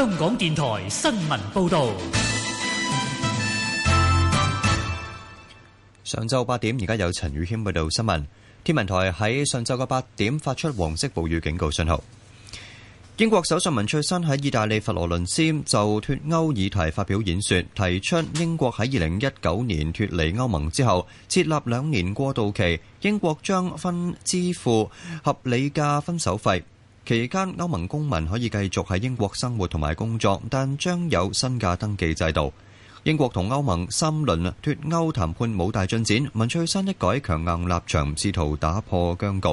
香港電台新聞報道：上晝八點，而家有陳宇謙報道新聞。天文台喺上晝嘅八點發出黃色暴雨警告信號。英國首相文翠珊喺意大利佛羅倫斯就脱歐議題發表演說，提出英國喺二零一九年脱離歐盟之後，設立兩年過渡期，英國將分支付合理價分手費。期間，歐盟公民可以繼續喺英國生活同埋工作，但將有新嘅登記制度。英國同歐盟三輪脱歐談判冇大進展，文翠珊一改強硬立場，試圖打破僵局。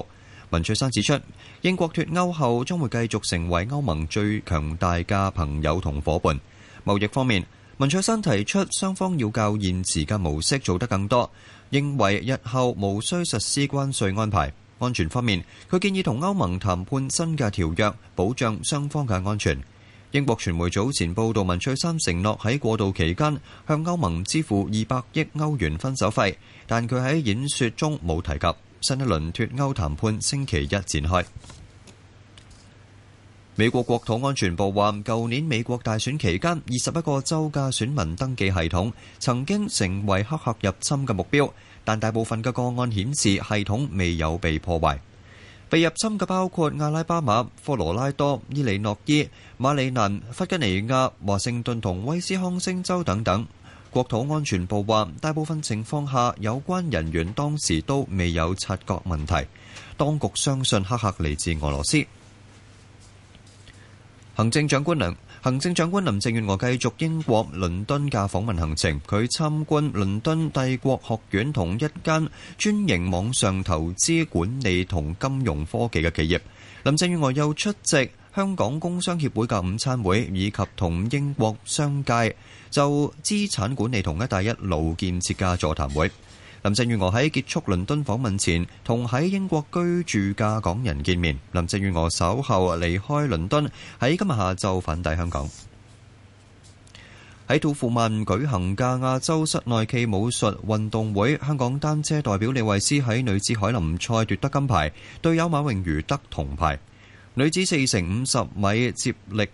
文翠珊指出，英國脱歐後將會繼續成為歐盟最強大嘅朋友同夥伴。貿易方面，文翠珊提出雙方要較現時嘅模式做得更多，認為日後無需實施關稅安排。安全方面，佢建議同歐盟談判新嘅條約，保障雙方嘅安全。英國傳媒早前報道，文翠珊承諾喺過渡期間向歐盟支付二百億歐元分手費，但佢喺演說中冇提及。新一輪脫歐談判星期一展開。美國國土安全部話，舊年美國大選期間，二十一個州嘅選民登記系統曾經成為黑客入侵嘅目標。但大部分嘅個案顯示系統未有被破壞，被入侵嘅包括阿拉巴馬、科羅拉多、伊利諾伊、馬里蘭、弗吉尼亞、華盛頓同威斯康星州等等。國土安全部話，大部分情況下有關人員當時都未有察覺問題，當局相信黑客嚟自俄羅斯。行政長官梁。行政長官林鄭月娥繼續英國倫敦嘅訪問行程，佢參觀倫敦帝國學院同一間專營網上投資管理同金融科技嘅企業。林鄭月娥又出席香港工商協會嘅午餐會，以及同英國商界就資產管理同一帶一路建設嘅座談會。林鄭月娥喺結束倫敦訪問前，同喺英國居住嘅港人見面。林鄭月娥稍後離開倫敦，喺今日下晝返抵香港。喺土庫曼舉行嘅亞洲室內暨武術運動會，香港單車代表李慧詩喺女子凱林賽奪得金牌，隊友馬詠茹得銅牌。女子四乘五十米接力。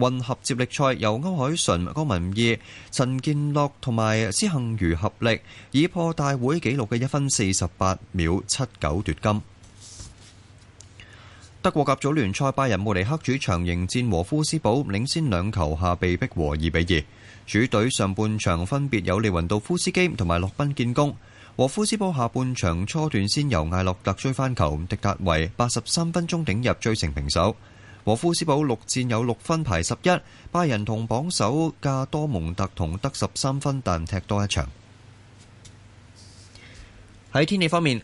混合接力賽由歐海純、高文義、陳建樂同埋施杏如合力，以破大會紀錄嘅一分四十八秒七九奪金。德國甲組聯賽拜仁慕尼黑主場迎戰和夫斯堡，領先兩球下被逼和二比二。主隊上半場分別有利雲度夫斯基同埋洛賓建功，和夫斯堡下半場初段先由艾洛特追翻球，迪達維八十三分鐘頂入追成平手。和夫斯堡六戰有六分排十一，拜仁同榜首加多蒙特同得十三分，但踢多一場。喺天氣方面，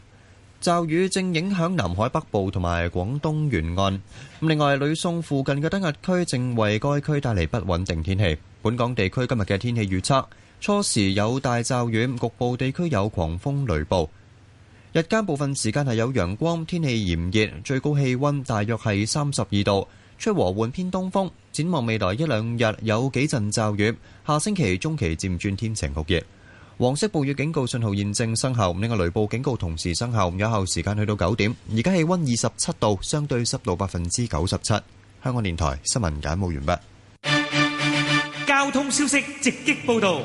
驟雨正影響南海北部同埋廣東沿岸。另外，呂宋附近嘅低壓區正為該區帶嚟不穩定天氣。本港地區今日嘅天氣預測，初時有大驟雨，局部地區有狂風雷暴。日間部分時間係有陽光，天氣炎熱，最高氣溫大約係三十二度，吹和緩偏東風。展望未來一兩日有幾陣驟雨，下星期中期漸轉天晴酷熱。黃色暴雨警告信號現正生效，另外雷暴警告同時生效，有效時間去到九點。而家氣溫二十七度，相對濕度百分之九十七。香港電台新聞簡報完畢。交通消息直擊報道。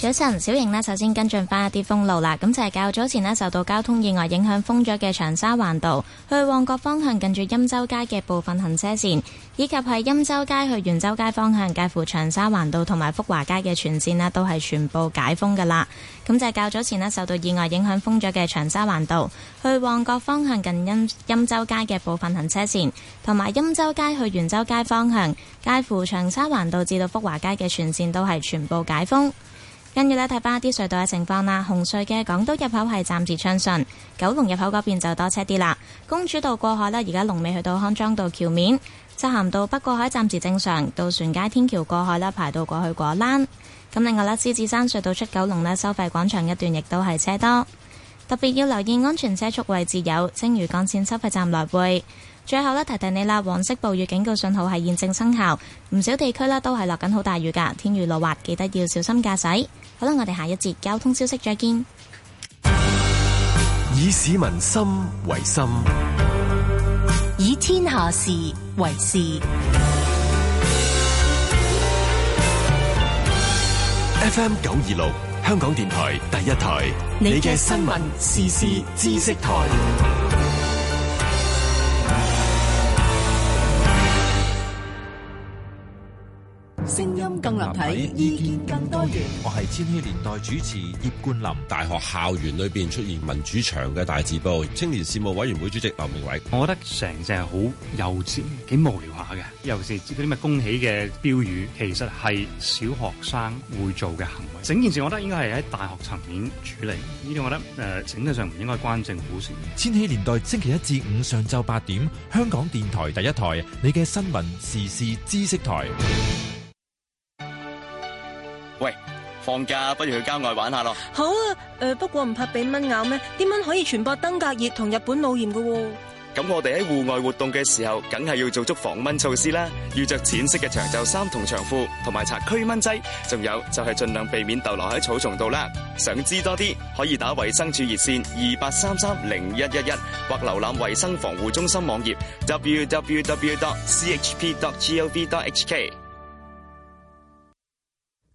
早晨，小瑩呢，首先跟進翻一啲封路啦。咁就係較早前呢，受到交通意外影響封咗嘅長沙灣道去旺角方向近住欽州街嘅部分行車線，以及係欽州街去元州街方向介乎長沙灣道同埋福華街嘅全線呢，都係全部解封噶啦。咁就係較早前呢，受到意外影響封咗嘅長沙灣道去旺角方向近欽欽州街嘅部分行車線，同埋欽州街去元州街方向介乎長沙灣道至到福華街嘅全線都係全部解封。跟住呢，睇翻啲隧道嘅情況啦，紅隧嘅港島入口係暫時暢順，九龍入口嗰邊就多車啲啦。公主道過海咧，而家龍尾去到康莊道橋面，漆咸道北過海暫時正常，渡船街天橋過海咧排到過去果欄。咁另外呢，獅子山隧道出九龍呢，收費廣場一段亦都係車多，特別要留意安全車速位置有，青嶼幹線收費站來回。最後咧提提你啦，黃色暴雨警告信號係現正生效，唔少地區咧都係落緊好大雨噶，天雨路滑，記得要小心駕駛。好啦，我哋下一節交通消息再見。以市民心為心，以天下事為事。FM 九二六，香港電台第一台，你嘅新聞時事知識台。聲音更立體，意見更多元。我係千禧年代主持葉冠林。大學校園裏邊出現民主牆嘅大字報，青年事務委員會主席劉明偉。我覺得成件事好幼稚，幾無聊下嘅。尤其是嗰啲咩恭喜嘅標語，其實係小學生會做嘅行為。整件事我覺得應該係喺大學層面處理。呢啲我覺得誒，整體上唔應該關政府事。千禧年代星期一至五上晝八點，香港電台第一台，你嘅新聞時事知識台。喂，放假不如去郊外玩下咯。好啊，誒、呃，不過唔怕俾蚊咬咩？啲蚊可以傳播登革熱同日本腦炎㗎。咁我哋喺戶外活動嘅時候，梗係要做足防蚊措施啦。要着淺色嘅長袖衫同長褲，同埋擦驅蚊劑。仲有就係、是、盡量避免逗留喺草叢度啦。想知多啲，可以打衛生署熱線二八三三零一一一，或瀏覽衛生防護中心網頁 www.chp.gov.hk。Www.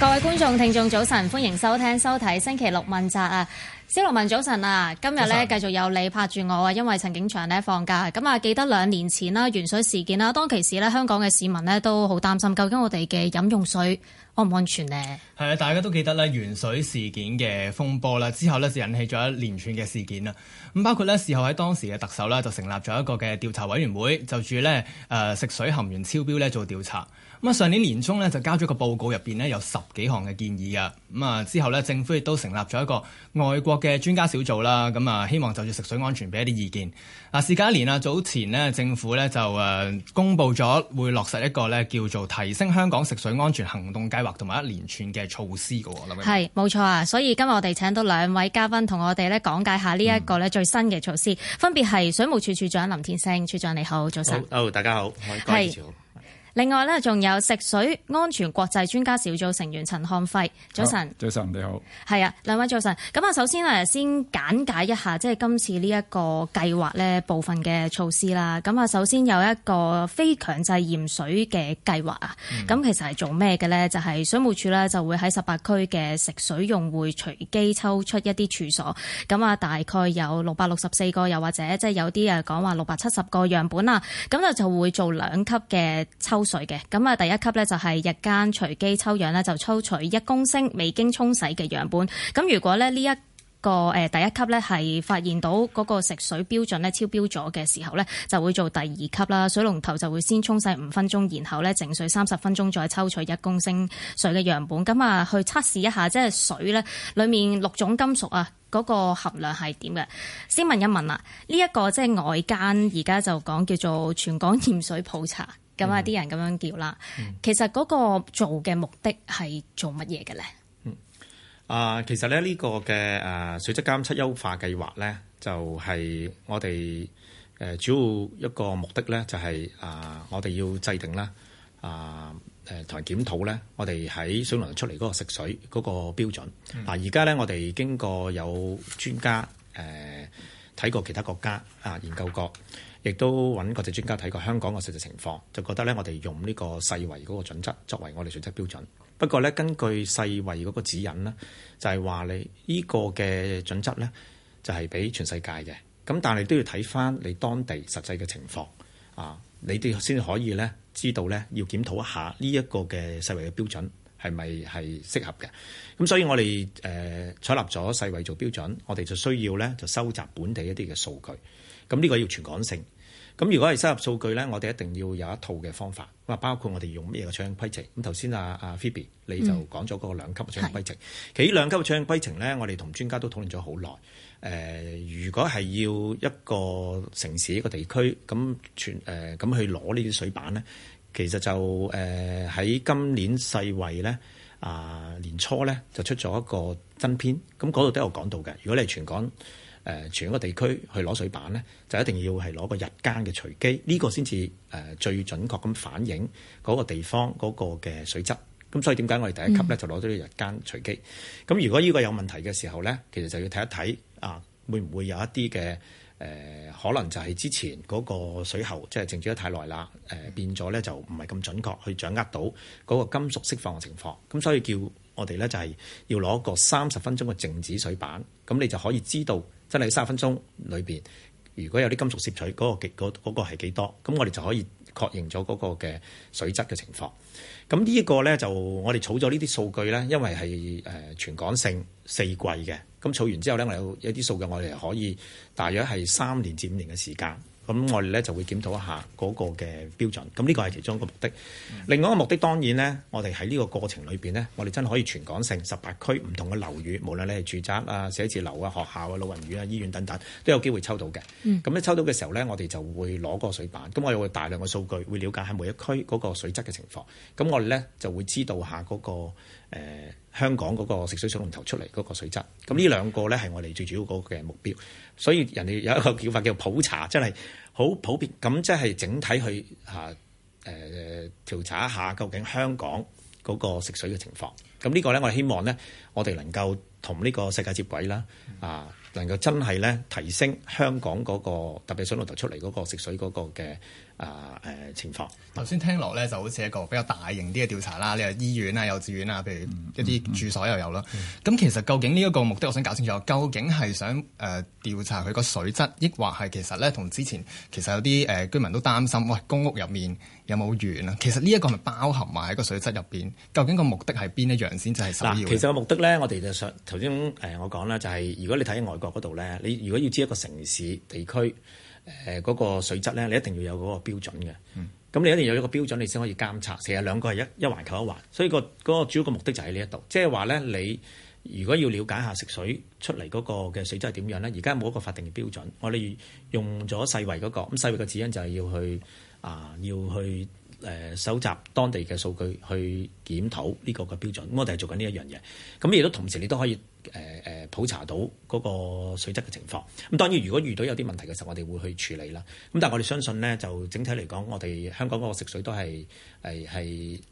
各位觀眾、聽眾，早晨，歡迎收聽、收睇《星期六問責》啊！小羅文早晨啊！今日咧繼續有你拍住我啊，因為陳景祥呢放假。咁啊，記得兩年前啦，鉛水事件啦，當其時咧，香港嘅市民呢都好擔心，究竟我哋嘅飲用水安唔安全呢？係啊，大家都記得咧鉛水事件嘅風波啦，之後呢，就引起咗一連串嘅事件啦。咁包括呢，事後喺當時嘅特首呢，就成立咗一個嘅調查委員會，就住呢誒食水含鉛超標呢做調查。咁啊上年年中呢，就交咗個報告入邊呢，有十幾項嘅建議啊。咁啊之後呢，政府亦都成立咗一個外國。嘅專家小組啦，咁啊希望就住食水安全俾一啲意見。啊，事隔一年啊，早前呢，政府呢，就誒公布咗會落實一個呢，叫做提升香港食水安全行動計劃同埋一連串嘅措施嘅喎，係冇錯啊。所以今日我哋請到兩位嘉賓同我哋咧講解下呢一個呢，最新嘅措施，嗯、分別係水務署署長林天星署長，你好早晨。Oh, oh, 大家好。我係。另外咧，仲有食水安全國際專家小組成員陳漢輝，早晨，早晨你好，係啊，兩位早晨。咁啊，首先啊先簡介一下，即係今次呢一個計劃咧部分嘅措施啦。咁啊，首先有一個非強制驗水嘅計劃啊。咁、嗯、其實係做咩嘅咧？就係、是、水務署咧就會喺十八區嘅食水用戶隨機抽出一啲處所，咁啊，大概有六百六十四個，又或者即係有啲啊講話六百七十個樣本啦。咁啊，就會做兩級嘅抽。抽水嘅。咁啊，第一級咧就係日間隨機抽樣咧，就抽取一公升未經沖洗嘅樣本。咁如果咧呢一個誒第一級咧係發現到嗰個食水標準咧超標咗嘅時候咧，就會做第二級啦。水龍頭就會先沖洗五分鐘，然後咧淨水三十分鐘，再抽取一公升水嘅樣本，咁啊去測試一下，即係水咧裏面六種金屬啊嗰個含量係點嘅。先問一問啊，呢、這、一個即係外間而家就講叫做全港鹽水普查。咁啊，啲人咁樣叫啦，其實嗰個做嘅目的係做乜嘢嘅咧？嗯，啊，其實咧呢個嘅誒水質監測優化計劃咧，就係我哋誒主要一個目的咧，就係啊，我哋要制定啦，啊誒同埋檢討咧，我哋喺水龍出嚟嗰個食水嗰個標準。嗱、嗯，而家咧我哋經過有專家誒。呃睇過其他國家啊，研究過，亦都搵國際專家睇過香港嘅實際情況，就覺得呢，我哋用呢個世衛嗰個準則作為我哋水質標準。不過呢，根據世衛嗰個指引呢就係話你呢個嘅準則呢，就係俾全世界嘅。咁但係都要睇翻你當地實際嘅情況啊，你哋先可以呢知道呢，要檢討一下呢一個嘅世衛嘅標準。係咪係適合嘅？咁所以我哋誒、呃、採納咗世衞做標準，我哋就需要咧就收集本地一啲嘅數據。咁呢個要全港性。咁如果係收集數據咧，我哋一定要有一套嘅方法。咁啊，包括我哋用咩嘅採樣規程。咁頭先啊啊 Phoebe 你就講咗嗰個兩級嘅採樣規程。嗯、其實呢兩級嘅採樣規程咧，我哋同專家都討論咗好耐。誒、呃，如果係要一個城市一個地區咁全誒，咁、呃、去攞呢啲水板咧？其實就誒喺、呃、今年世衞咧啊年初咧就出咗一個真篇，咁嗰度都有講到嘅。如果你係全港誒、呃、全個地區去攞水板咧，就一定要係攞個日間嘅隨機，呢、呢個先至誒最準確咁反映嗰個地方嗰個嘅水質。咁所以點解我哋第一級咧就攞咗個日間隨機？咁如果呢個有問題嘅時候咧，其實就要睇一睇啊，會唔會有一啲嘅？誒、呃、可能就係之前嗰個水喉即係靜止得太耐啦，誒、呃、變咗咧就唔係咁準確去掌握到嗰個金屬釋放嘅情況，咁所以叫我哋咧就係、是、要攞個三十分鐘嘅靜止水板，咁你就可以知道真係三十分鐘裏邊如果有啲金屬攝取嗰、嗰個幾嗰嗰係幾多，咁我哋就可以確認咗嗰個嘅水質嘅情況。咁呢一個咧就我哋儲咗呢啲數據咧，因為係誒、呃、全港性四季嘅。咁儲、嗯、完之後呢，我有有啲數據，我哋可以大約係三年至五年嘅時間，咁我哋呢就會檢討一下嗰個嘅標準。咁呢個係其中一個目的。另外一個目的當然呢，我哋喺呢個過程裏邊呢，我哋真係可以全港性十八區唔同嘅樓宇，無論你係住宅啊、寫字樓啊、學校啊、老人院啊、醫院等等，都有機會抽到嘅。咁咧、嗯、抽到嘅時候呢，我哋就會攞嗰個水板，咁我哋有大量嘅數據，會了解喺每一區嗰個水質嘅情況。咁我哋呢就會知道下嗰、那個。誒、呃、香港嗰個食水水龍頭出嚟嗰個水質，咁呢兩個咧係我哋最主要嗰嘅目標，所以人哋有一個叫法叫普查，真係好普遍，咁即係整體去嚇誒、啊呃、調查一下究竟香港嗰個食水嘅情況，咁呢個咧我係希望咧，我哋能夠同呢個世界接軌啦，啊！嗯能夠真係咧提升香港嗰個特別水龍頭出嚟嗰個食水嗰個嘅啊誒情況。頭先聽落咧就好似一個比較大型啲嘅調查啦，你話醫院啊、幼稚園啊，譬如一啲住所又有啦。咁、嗯嗯嗯、其實究竟呢一個目的，我想搞清楚，究竟係想誒、呃、調查佢個水質，抑或係其實咧同之前其實有啲誒居民都擔心，喂公屋入面。有冇完？啊？其實呢一個咪包含埋喺個水質入邊？究竟個目的係邊一樣先？就係首要。其實個目的咧，我哋就想頭先誒，我講啦、就是，就係如果你睇外國嗰度咧，你如果要知一個城市地區誒嗰、呃那個水質咧，你一定要有嗰個標準嘅。嗯，咁你一定要有一個標準，你先可以監察。其實兩個係一一環扣一環，所以個嗰主要個目的就喺、就是、呢一度，即係話咧，你如果要了解下食水出嚟嗰個嘅水質係點樣咧，而家冇一個法定嘅標準，我哋用咗世衞嗰、那個咁世衞嘅指引就係要去。啊，要去誒收集當地嘅數據去。檢討呢個嘅標準，咁我哋係做緊呢一樣嘢。咁亦都同時，你都可以誒誒、呃呃、普查到嗰個水質嘅情況。咁當然，如果遇到有啲問題嘅時候，我哋會去處理啦。咁但係我哋相信呢，就整體嚟講，我哋香港嗰個食水都係係係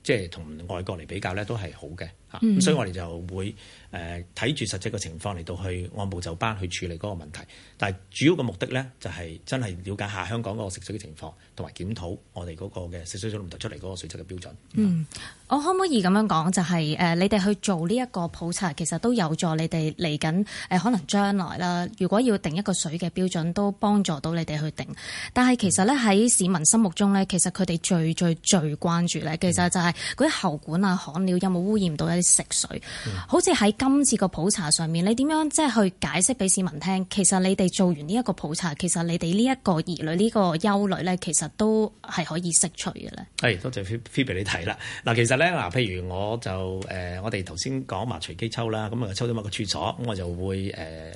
即係同外國嚟比較呢，都係好嘅嚇。所以我哋就會誒睇住實際嘅情況嚟到去按部就班去處理嗰個問題。但係主要嘅目的呢，就係、是、真係了解下香港嗰個食水嘅情況，同埋檢討我哋嗰個嘅食水水龍頭出嚟嗰個水質嘅標準。嗯。嗯。我可唔可以咁樣講，就係、是、誒、呃、你哋去做呢一個普查，其實都有助你哋嚟緊誒可能將來啦。如果要定一個水嘅標準都幫助到你哋去定。但係其實咧，喺市民心目中咧，其實佢哋最，最最最關注咧，其實就係嗰啲喉管啊、焊料，有冇污染，到一啲食水。嗯、好似喺今次個普查上面，你點樣即係去解釋俾市民聽，其實你哋做完呢一個普查，其實你哋呢一個疑、這個、慮、呢個憂慮咧，其實都係可以消除嘅咧。係。多謝菲菲，俾你睇啦。嗱，其實。咧嗱，譬如我就誒、呃，我哋頭先講埋隨機抽啦，咁啊抽到某個處所，咁我就會誒誒、呃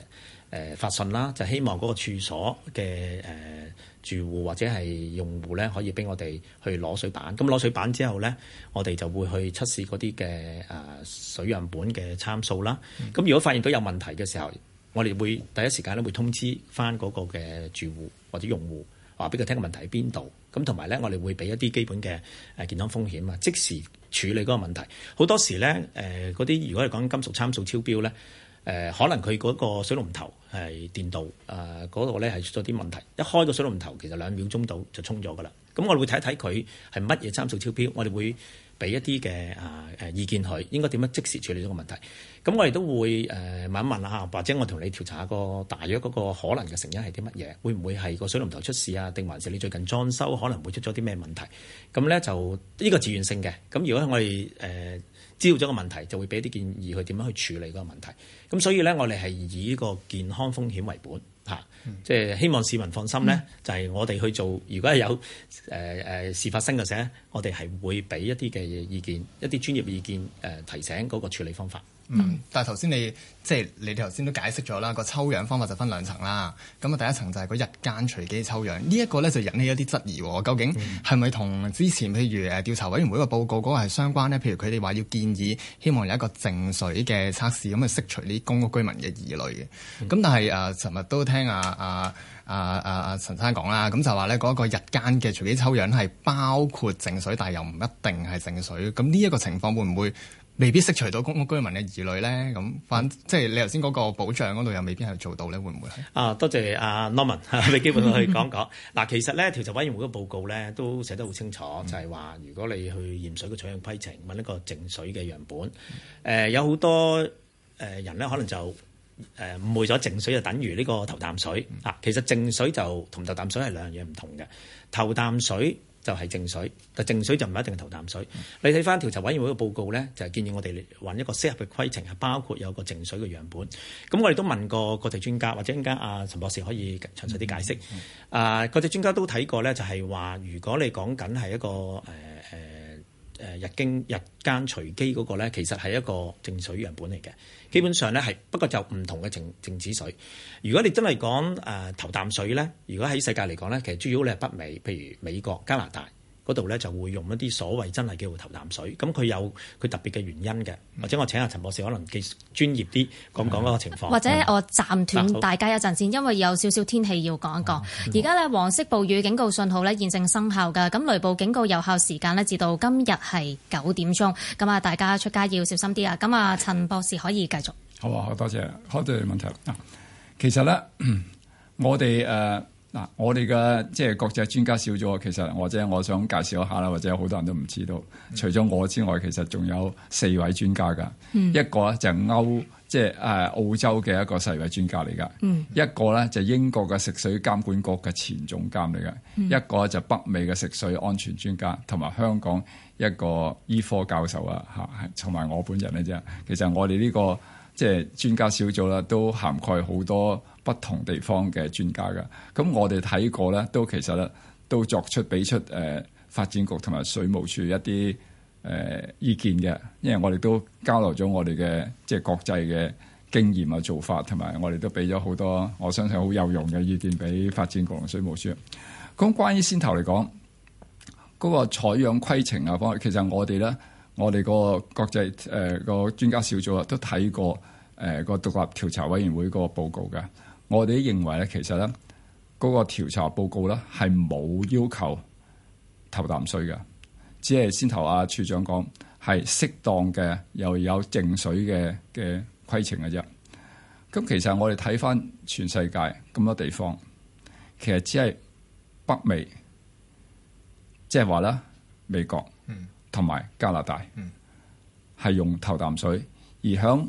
呃、發信啦，就希望嗰個處所嘅誒、呃、住戶或者係用戶咧，可以俾我哋去攞水板。咁攞水板之後咧，我哋就會去測試嗰啲嘅啊水樣本嘅參數啦。咁、嗯、如果發現到有問題嘅時候，我哋會第一時間咧會通知翻嗰個嘅住戶或者用戶，話俾佢聽個問題喺邊度。咁同埋咧，我哋會俾一啲基本嘅誒健康風險啊，即時。處理嗰個問題好多時咧，誒嗰啲如果係講金屬參數超標咧，誒、呃、可能佢嗰個水龍頭係電鍍啊嗰度咧係出咗啲問題，一開個水龍頭其實兩秒鐘到就沖咗㗎啦。咁我哋會睇一睇佢係乜嘢參數超標，我哋會。俾一啲嘅啊誒意見，佢應該點樣即時處理呢個問題。咁我哋都會誒、呃、問一問一下，或者我同你調查下個大約嗰個可能嘅成因係啲乜嘢？會唔會係個水龍頭出事啊？定還是你最近裝修可能會出咗啲咩問題？咁咧就呢、呢個自願性嘅。咁如果我哋誒、呃、知道咗個問題，就會俾啲建議佢點樣去處理嗰個問題。咁所以咧，我哋係以個健康風險為本嚇。即係希望市民放心咧，就係我哋去做。如果係有誒誒、呃呃、事發生嘅時候，我哋係會俾一啲嘅意見，一啲專業意見誒、呃、提醒嗰個處理方法。嗯、但係頭先你即係你哋頭先都解釋咗啦，個抽樣方法就分兩層啦。咁、嗯、啊，嗯、第一層就係個日間隨機抽樣，這個、呢一個咧就引起一啲質疑，究竟係咪同之前譬如誒調查委員會個報告嗰個係相關呢？譬如佢哋話要建議希望有一個淨水嘅測試，咁啊，釋除呢公屋居民嘅疑慮嘅。咁、嗯嗯嗯嗯、但係誒，尋、呃、日都聽啊。啊啊啊阿阿阿阿陳生講啦，咁就話咧嗰個日間嘅隨機抽樣係包括淨水，但係又唔一定係淨水。咁呢一個情況會唔會未必釋除到公屋居民嘅疑慮咧？咁反即係你頭先嗰個保障嗰度又未必係做到咧，會唔會係？啊，多謝阿、啊、Norman、啊、你基本可以講講。嗱， 其實咧，調查委員會嘅報告咧都寫得好清楚，就係、是、話如果你去驗水嘅取樣規程，揾一個淨水嘅樣本，誒、呃、有好多誒人咧，可能就。誒誤會咗淨水就等於呢個頭啖水啊！其實淨水就同頭啖水係兩樣嘢唔同嘅。頭啖水就係淨水，但淨水就唔一定係頭啖水。嗯、你睇翻調查委員會嘅報告咧，就係、是、建議我哋揾一個適合嘅規程，係包括有個淨水嘅樣本。咁我哋都問過國際專家，或者陣間阿陳博士可以詳細啲解釋。嗯嗯、啊，國際專家都睇過咧，就係、是、話如果你講緊係一個誒。呃誒日經日間隨機嗰個咧，其實係一個淨水樣本嚟嘅，基本上咧係不過就唔同嘅淨淨止水。如果你真係講誒頭啖水咧，如果喺世界嚟講咧，其實主要你係北美，譬如美國、加拿大。嗰度呢就會用一啲所謂真係叫做頭淡水，咁佢有佢特別嘅原因嘅，或者我請阿陳博士可能嘅專業啲講講嗰個情況、嗯。或者我暫斷大家一陣先，因為有少少天氣要講一講。而家、啊、呢黃色暴雨警告信號呢現正生效㗎，咁雷暴警告有效時間呢至到今日係九點鐘，咁啊大家出街要小心啲啊！咁啊陳博士可以繼續。好啊，好多謝好多謝問題啊。其實呢，我哋誒。呃嗱，我哋嘅即係國際專家小組，其實或者我想介紹一下啦，或者好多人都唔知道，除咗我之外，其實仲有四位專家㗎，嗯、一個咧就歐即係誒澳洲嘅一個世衞專家嚟㗎，嗯、一個咧就英國嘅食水監管局嘅前總監嚟㗎，嗯、一個就北美嘅食水安全專家，同埋香港一個醫、e、科教授啊嚇，同埋我本人呢啫，其實我哋呢、呢個即係、就是、專家小組啦，都涵蓋好多，不同地方嘅專家嘅，咁我哋睇過咧，都其實咧都作出俾出誒、呃、發展局同埋水務署一啲誒、呃、意見嘅，因為我哋都交流咗我哋嘅即係國際嘅經驗啊做法，同埋我哋都俾咗好多我相信好有用嘅意見俾發展局同水務署。咁關於先頭嚟講嗰個採樣規程啊，方其實我哋咧，我哋個國際誒、呃嗰個專家小組啊都睇過誒、呃嗰個獨立調查委員會個報告嘅。我哋都認為咧，其實咧嗰、那個調查報告咧係冇要求頭啖水嘅，只係先頭阿、啊、處長講係適當嘅又有淨水嘅嘅規程嘅啫。咁其實我哋睇翻全世界咁多地方，其實只係北美，即係話咧美國同埋加拿大係用頭啖水，而響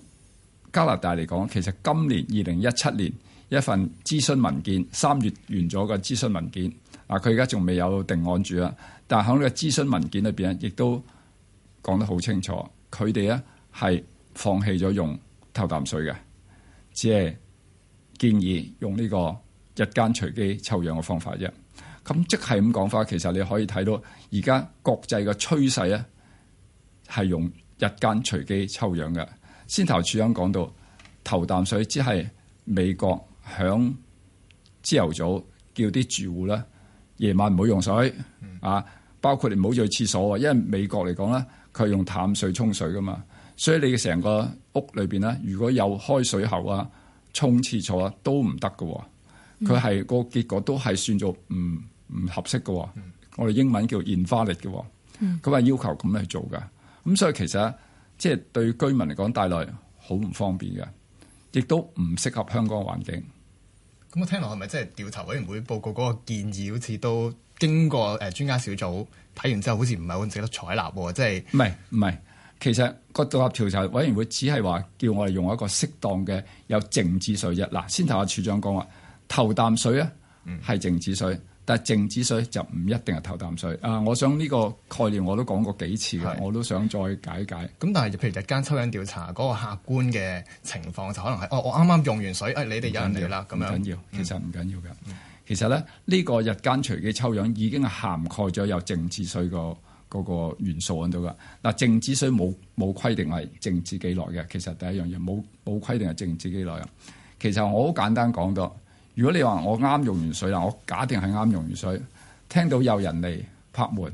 加拿大嚟講，其實今年二零一七年。一份諮詢文件，三月完咗個諮詢文件，嗱佢而家仲未有定案住啦。但係喺呢個諮詢文件裏邊咧，亦都講得好清楚，佢哋咧係放棄咗用頭啖水嘅，只係建議用呢個日間隨機抽樣嘅方法啫。咁即係咁講法，其實你可以睇到而家國際嘅趨勢咧係用日間隨機抽樣嘅。先頭處長講到頭啖水，只係美國。響朝頭早叫啲住戶咧，夜晚唔好用水、嗯、啊。包括你唔好再去廁所，因為美國嚟講咧，佢係用淡水沖水噶嘛，所以你嘅成個屋裏邊咧，如果有開水喉啊、沖廁所啊，都唔得噶。佢係、個結果都係算做唔唔合適噶。嗯、我哋英文叫煙花力嘅，咁啊、嗯、要求咁去做噶。咁所以其實即係、就是、對居民嚟講帶來好唔方便嘅，亦都唔適合香港環境。咁我聽落係咪即係調查委員會報告嗰個建議，好似都經過誒專家小組睇完之後，好似唔係好值得採納喎？即係唔係唔係？其實個獨立調查委員會只係話叫我哋用一個適當嘅有靜止水啫。嗱，先頭阿署長講話頭啖水啊，係靜止水。嗯但靜止水就唔一定係頭啖水啊、呃！我想呢個概念我都講過幾次嘅，我都想再解解。咁、嗯、但係，譬如日間抽樣調查嗰、那個客觀嘅情況，就可能係哦，我啱啱用完水，誒、哎，你哋有人嚟啦咁樣。唔緊要，其實唔緊要嘅。嗯、其實咧，呢、這個日間隨機抽樣已經係涵蓋咗有靜止水、那個嗰元素喺度噶。嗱，靜止水冇冇規定係靜止幾耐嘅。其實第一樣嘢冇冇規定係靜止幾耐嘅。其實我好簡單講到。如果你話我啱用完水啦，我假定係啱用完水，聽到有人嚟拍門，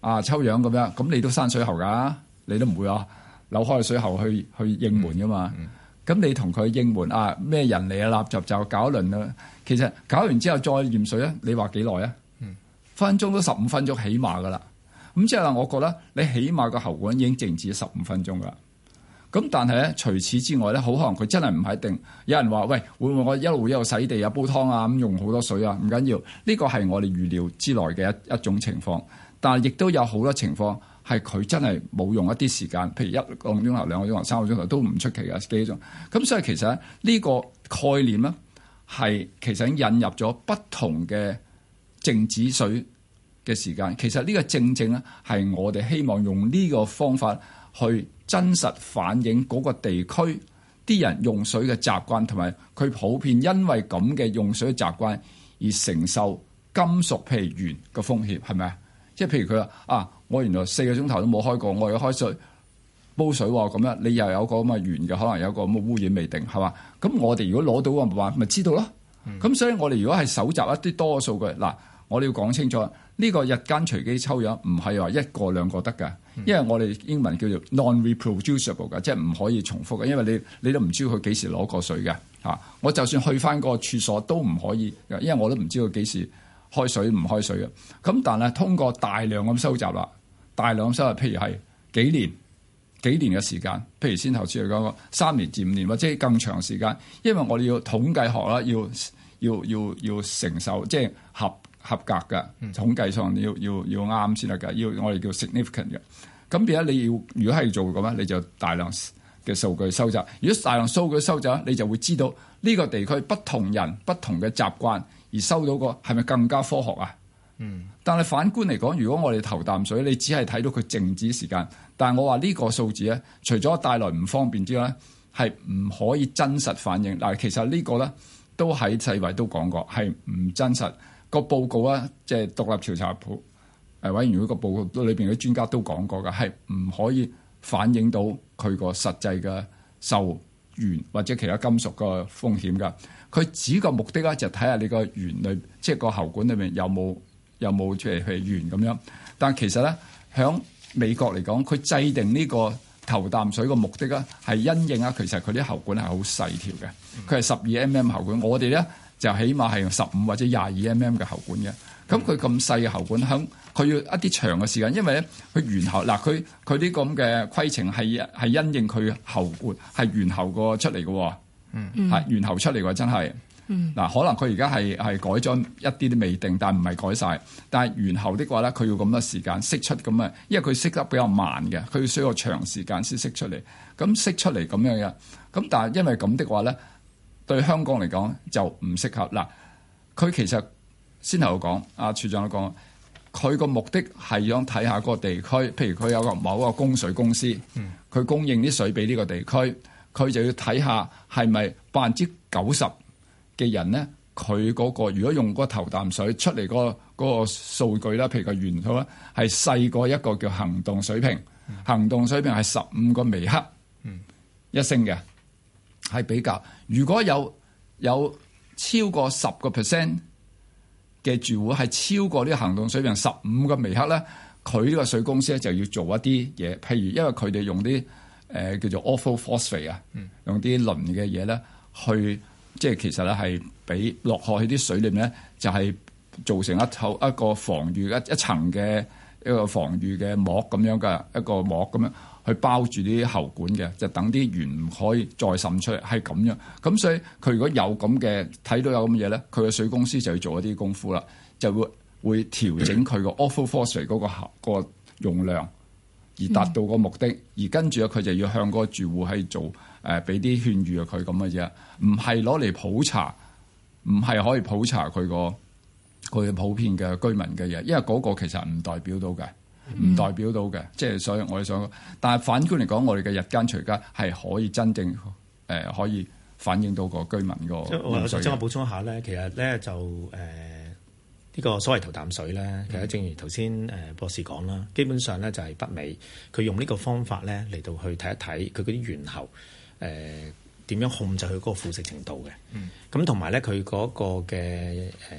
啊，抽樣咁樣，咁你都閂水喉噶，你都唔會話扭開水喉去去應門噶嘛。咁、嗯嗯、你同佢應門啊，咩人嚟啊，垃圾就搞一輪啦。其實搞完之後再驗水咧，你話幾耐啊？嗯、1> 1分鐘都十五分鐘起碼噶啦。咁即係話，我覺得你起碼個喉管已經靜止十五分鐘啦。咁但係咧，除此之外咧，好可能佢真係唔係一定有人話：喂，會唔會我一路一路洗地啊、煲湯啊咁用好多水啊？唔緊要，呢個係我哋預料之內嘅一一種情況。但係亦都有好多情況係佢真係冇用一啲時間，譬如一個鐘頭、兩個鐘頭、三個鐘頭都唔出奇嘅幾種。咁所以其實呢個概念呢，係其實引入咗不同嘅靜止水嘅時間。其實呢個正正呢，係我哋希望用呢個方法。去真實反映嗰個地區啲人用水嘅習慣，同埋佢普遍因為咁嘅用水習慣而承受金屬譬如鉛嘅風險，係咪啊？即係譬如佢話啊，我原來四個鐘頭都冇開過，我又要開水煲水喎，咁樣你又有個咁嘅鉛嘅，可能有個咁嘅污染未定，係嘛？咁我哋如果攞到嘅話，咪知道咯。咁、嗯、所以我哋如果係搜集一啲多數據，嗱，我哋要講清楚，呢、這個日間隨機抽樣唔係話一個兩個得㗎。因為我哋英文叫做 non-reproducible 嘅，即係唔可以重複嘅。因為你你都唔知佢幾時攞過水嘅嚇、啊。我就算去翻個廁所都唔可以，因為我都唔知佢幾時開水唔開水嘅。咁但係通過大量咁收集啦，大量收集，譬如係幾年幾年嘅時間，譬如先頭先嚟講三年至五年或者係更長時間，因為我哋要統計學啦，要要要要，要承受即係合。合格嘅統計上，要要要啱先得㗎。要，要我哋叫 significant 嘅咁。變咗，你要如果係做嘅話，你就大量嘅數據收集。如果大量數據收集你就會知道呢個地區不同人不同嘅習慣而收到個係咪更加科學啊？嗯，但係反觀嚟講，如果我哋頭啖水，你只係睇到佢靜止時間，但係我話呢個數字咧，除咗帶來唔方便之外咧，係唔可以真實反映嗱。其實個呢個咧都喺世衞都講過係唔真實。個報告啊，即係獨立調查普誒委員會個報告裏邊嘅專家都講過嘅，係唔可以反映到佢個實際嘅鉛或者其他金屬個風險㗎。佢指個目的咧，就睇下你個鉛裏，即係個喉管裏面有冇有冇誒鉛咁樣。但係其實咧，響美國嚟講，佢制定呢個頭啖水嘅目的咧，係因應啊，其實佢啲喉管係好細條嘅，佢係十二 mm 喉管。我哋咧。就起碼係用十五或者廿二 mm 嘅喉管嘅，咁佢咁細嘅喉管，響佢要一啲長嘅時間，因為咧佢鉛喉嗱，佢佢呢個咁嘅規程係係因應佢喉管係鉛喉個出嚟嘅，嗯，係鉛喉出嚟嘅真係，嗱、嗯，可能佢而家係係改咗一啲都未定，但唔係改晒。但係鉛喉的話咧，佢要咁多時間釋出咁啊，因為佢釋得比較慢嘅，佢要需要長時間先釋出嚟，咁釋出嚟咁樣嘅，咁但係因為咁的話咧。對香港嚟講就唔適合嗱，佢其實先頭講，阿處長都講，佢個目的係想睇下個地區，譬如佢有個某一個供水公司，佢供應啲水俾呢個地區，佢就要睇下係咪百分之九十嘅人咧，佢嗰個如果用嗰頭啖水出嚟嗰個嗰個數據咧，譬如個元素咧，係細過一個叫行動水平，行動水平係十五個微克一升嘅。係比較，如果有有超過十個 percent 嘅住戶係超過呢個行動水平十五個微克咧，佢呢個水公司咧就要做一啲嘢，譬如因為佢哋用啲誒、呃、叫做 orthophosphate 啊，用啲磷嘅嘢咧，去即係其實咧係俾落去啲水裏面咧，就係做成一套一個防禦一,一層嘅一個防禦嘅膜咁樣嘅一個膜咁樣。去包住啲喉管嘅，就等啲鉛可以再滲出嚟，係咁樣。咁所以佢如果有咁嘅睇到有咁嘢咧，佢嘅水公司就要做一啲功夫啦，就會會調整佢、er 嗰個 orthophosphate 嗰個喉用量，而達到個目的。嗯、而跟住咧，佢就要向個住戶去做誒俾啲勸喻啊，佢咁嘅啫，唔係攞嚟普查，唔係可以普查佢個佢嘅普遍嘅居民嘅嘢，因為嗰個其實唔代表到嘅。唔、嗯、代表到嘅，即係所以我哋想，但係反觀嚟講，我哋嘅日間除家係可以真正誒、呃、可以反映到個居民個。我有想即我補充一下咧，其實咧就誒呢、呃這個所謂頭啖水咧，其實正如頭先誒博士講啦，嗯、基本上咧就係北美，佢用呢個方法咧嚟到去睇一睇佢嗰啲源喉誒點樣控制佢嗰個腐蝕程度嘅。咁同埋咧佢嗰個嘅誒。呃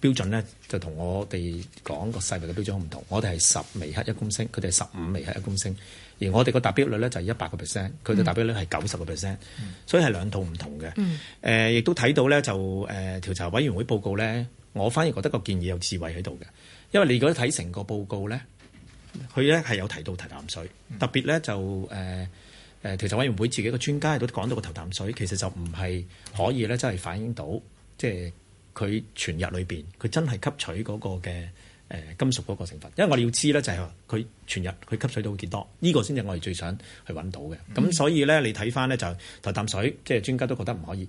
標準呢就同我哋講個世衛嘅標準好唔同，我哋係十微克一公升，佢哋係十五微克一公升，而我哋個達標率呢就係一百個 percent，佢哋達標率係九十個 percent，所以係兩套唔同嘅。誒、嗯，亦、呃、都睇到呢就誒、呃、調查委員會報告呢，我反而覺得個建議有智慧喺度嘅，因為你如果睇成個報告呢，佢呢係有提到頭淡水，嗯、特別呢就誒誒、呃、調查委員會自己個專家都講到個頭淡水其實就唔係可以呢，真係反映到即係。佢全日裏邊，佢真係吸取嗰個嘅誒、呃、金屬嗰個成分，因為我哋要知咧就係、是、佢全日佢吸取到幾多，呢、這個先至我哋最想去揾到嘅。咁、嗯、所以咧，你睇翻咧就頭啖水，即係專家都覺得唔可以誒、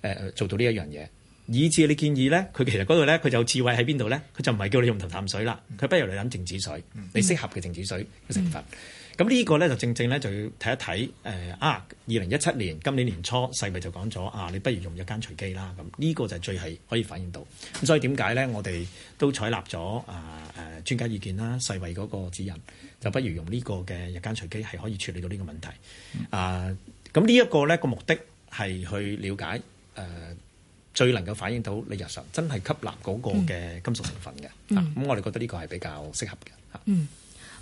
呃、做到呢一樣嘢，以至你建議咧，佢其實嗰度咧佢就智慧喺邊度咧，佢就唔係叫你用頭啖水啦，佢、嗯、不如你飲靜止水，嗯、你適合嘅靜止水嘅成分。嗯嗯咁呢個咧就正正咧就要睇一睇誒啊！二零一七年今年年初世衞就講咗啊，你不如用日間隨機啦。咁呢個就係最係可以反映到。咁所以點解咧？我哋都採納咗啊誒專家意見啦，世衞嗰個指引就不如用呢個嘅日間隨機係可以處理到呢個問題、嗯、啊。咁呢一個咧個目的係去了解誒、呃、最能夠反映到你日常真係吸納嗰個嘅金屬成分嘅咁、嗯嗯啊、我哋覺得呢個係比較適合嘅嚇。啊嗯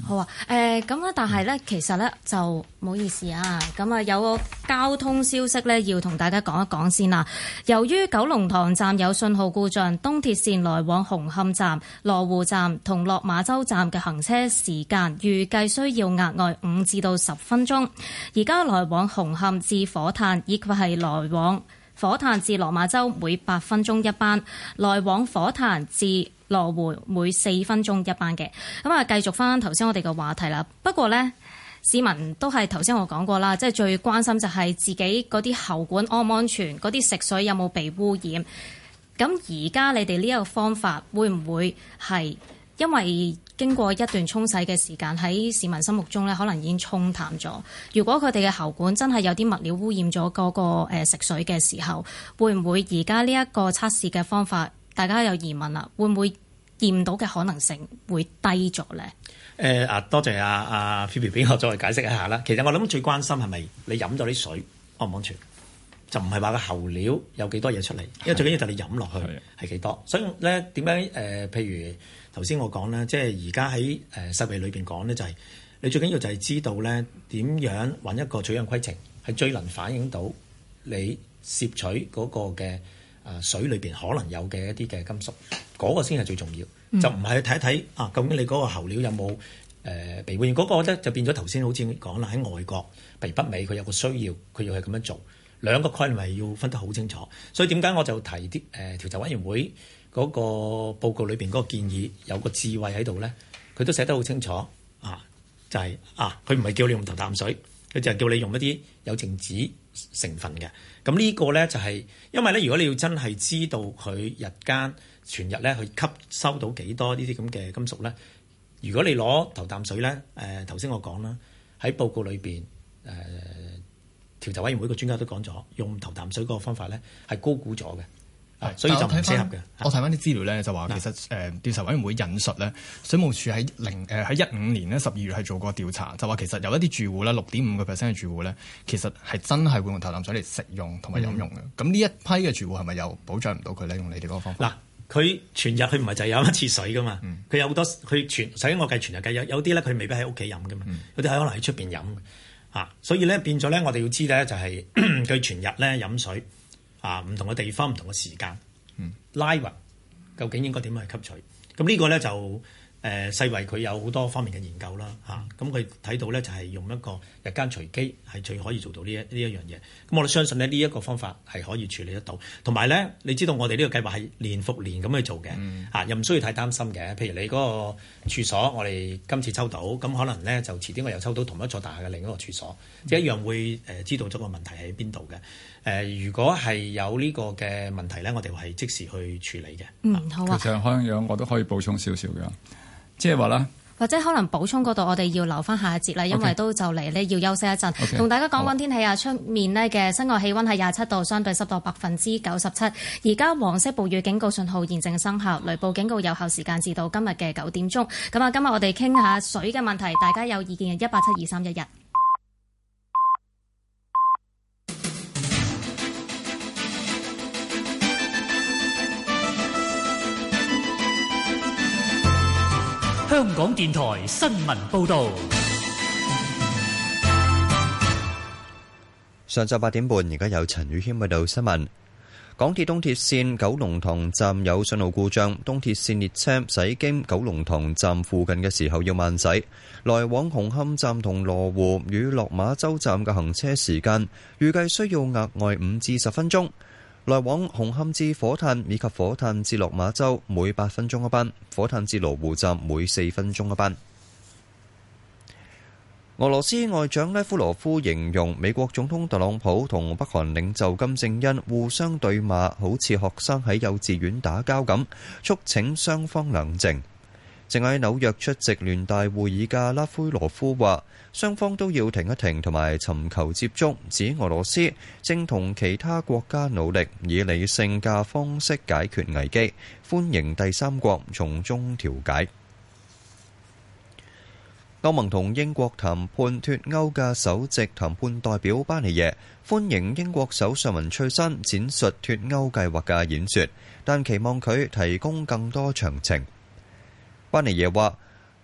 好啊，誒咁啊，但係咧，其實咧就唔好意思啊，咁、嗯、啊有個交通消息咧要同大家講一講先啦。由於九龍塘站有信號故障，東鐵線來往紅磡站、羅湖站同落馬洲站嘅行車時間預計需要額外五至到十分鐘。而家來往紅磡至火炭，以及係來往火炭至落馬洲每八分鐘一班，來往火炭至羅湖每四分鐘一班嘅，咁啊繼續翻頭先我哋嘅話題啦。不過呢，市民都係頭先我講過啦，即係最關心就係自己嗰啲喉管安唔安全，嗰啲食水有冇被污染。咁而家你哋呢一個方法會唔會係因為經過一段沖洗嘅時間，喺市民心目中呢，可能已經沖淡咗。如果佢哋嘅喉管真係有啲物料污染咗嗰個誒食水嘅時候，會唔會而家呢一個測試嘅方法？大家有疑問啦，會唔會驗到嘅可能性會低咗咧？誒啊、呃，多謝阿阿 P P 畀我再解釋一下啦。其實我諗最關心係咪你飲咗啲水安唔安全？就唔係話個喉料有幾多嘢出嚟，的因為最緊要就你飲落去係幾多。的所以咧點解誒？譬如頭先我講咧，即係而家喺誒實驗裏邊講咧，就係、是、你最緊要就係知道咧點樣搵一個取樣規程係最能反映到你攝取嗰個嘅。水裏邊可能有嘅一啲嘅金屬，嗰、那個先係最重要，嗯、就唔係睇一睇啊！究竟你嗰個喉料有冇誒被污染？嗰、呃那個咧就變咗頭先好似講啦，喺外國譬如北美佢有個需要，佢要係咁樣做，兩個概念係要分得好清楚。所以點解我就提啲誒、呃、調查委員會嗰個報告裏邊嗰個建議有個智慧喺度咧？佢都寫得好清楚啊！就係、是、啊，佢唔係叫你用頭啖水，佢就係叫你用一啲有淨紙。成分嘅，咁、這、呢個呢，就係、是，因為呢，如果你要真係知道佢日間全日呢，去吸收到幾多呢啲咁嘅金屬呢？如果你攞頭啖水呢，誒頭先我講啦，喺報告裏邊誒調查委員會個專家都講咗，用頭啖水嗰個方法呢，係高估咗嘅。對所以就合嘅。我睇翻啲資料咧就話其實誒調查委員會引述咧，水務署喺零誒喺一五年咧十二月係做過調查，就話其實有一啲住戶咧六點五個 percent 嘅住戶咧，其實係真係會用頭啖水嚟食用同埋飲用嘅。咁呢、嗯、一批嘅住戶係咪又保障唔到佢咧？用你哋嗰方法？嗱、啊，佢全日佢唔係就飲一次水噶嘛，佢、嗯、有好多佢全首先我計全日計有啲咧佢未必喺屋企飲噶嘛，有啲係可能喺出邊飲嚇，所以咧變咗咧我哋要知咧就係、是、佢 全日咧飲水。 啊，唔同嘅地方，唔同嘅時間，嗯、拉雲究竟應該點樣去吸取？咁呢個咧就誒、呃，世衛佢有好多方面嘅研究啦，嚇、啊。咁佢睇到咧就係、是、用一個日間隨機係最可以做到呢一呢一樣嘢。咁我哋相信咧呢一、這個方法係可以處理得到。同埋咧，你知道我哋呢個計劃係年復年咁去做嘅，嚇、嗯啊，又唔需要太擔心嘅。譬如你嗰個處所，我哋今次抽到，咁可能咧就遲啲我又抽到同一座大廈嘅另一個處所，即一樣會誒知道咗個問題喺邊度嘅。誒、呃，如果係有呢個嘅問題呢，我哋係即時去處理嘅。嗯，好啊。其實，開樣我都可以補充少少嘅，即係話啦，或者可能補充嗰度，我哋要留翻下,下一節啦，因為都就嚟呢，Okay. 要休息一陣，同 Okay. 大家講講吧天氣啊。出面呢嘅室外氣温係廿七度，相對濕度百分之九十七。而家黃色暴雨警告信號現正生效，雷暴警告有效時間至到今日嘅九點鐘。咁啊，今日我哋傾下水嘅問題，大家有意見嘅一八七二三一一。香港電台新聞報道：上晝八點半，而家有陳宇謙喺度報新聞。港鐵東鐵線九龍塘站有信號故障，東鐵線列車駛經九龍塘站附近嘅時候要慢駛，來往紅磡站同羅湖與落馬洲站嘅行車時間預計需要額外五至十分鐘。來往紅磡至火炭，以及火炭至落馬洲，每八分鐘一班；火炭至羅湖站，每四分鐘一班。俄羅斯外長拉夫羅夫形容美國總統特朗普同北韓領袖金正恩互相對罵，好似學生喺幼稚園打交咁，促請雙方冷靜。正喺紐約出席聯大會議嘅拉夫羅夫話：雙方都要停一停，同埋尋求接觸，指俄羅斯正同其他國家努力以理性嘅方式解決危機，歡迎第三國從中調解。歐盟同英國談判脱歐嘅首席談判代表巴尼耶歡迎英國首相文翠珊展述脱歐計劃嘅演說，但期望佢提供更多詳情。班尼耶話：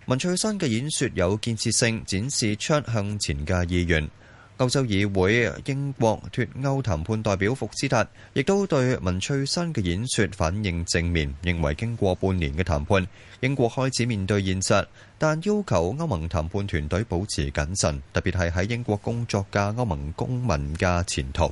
文翠山嘅演說有建設性，展示出向前嘅意願。歐洲議會英國脱歐談判代表福斯達亦都對文翠山嘅演說反應正面，認為經過半年嘅談判，英國開始面對現實，但要求歐盟談判團隊保持謹慎，特別係喺英國工作嘅歐盟公民嘅前途。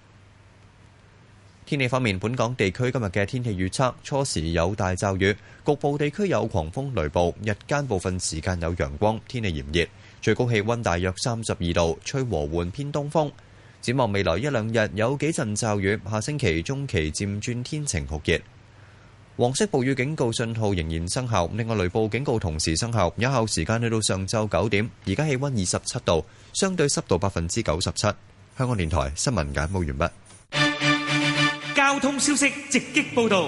天氣方面，本港地區今日嘅天氣預測，初時有大驟雨，局部地區有狂風雷暴，日間部分時間有陽光，天氣炎熱，最高氣溫大約三十二度，吹和緩偏東風。展望未來一兩日有幾陣驟雨，下星期中期漸轉天晴酷熱。黃色暴雨警告信號仍然生效，另外雷暴警告同時生效，有效時間去到上晝九點。而家氣溫二十七度，相對濕度百分之九十七。香港電台新聞簡報完畢。通消息直擊報道。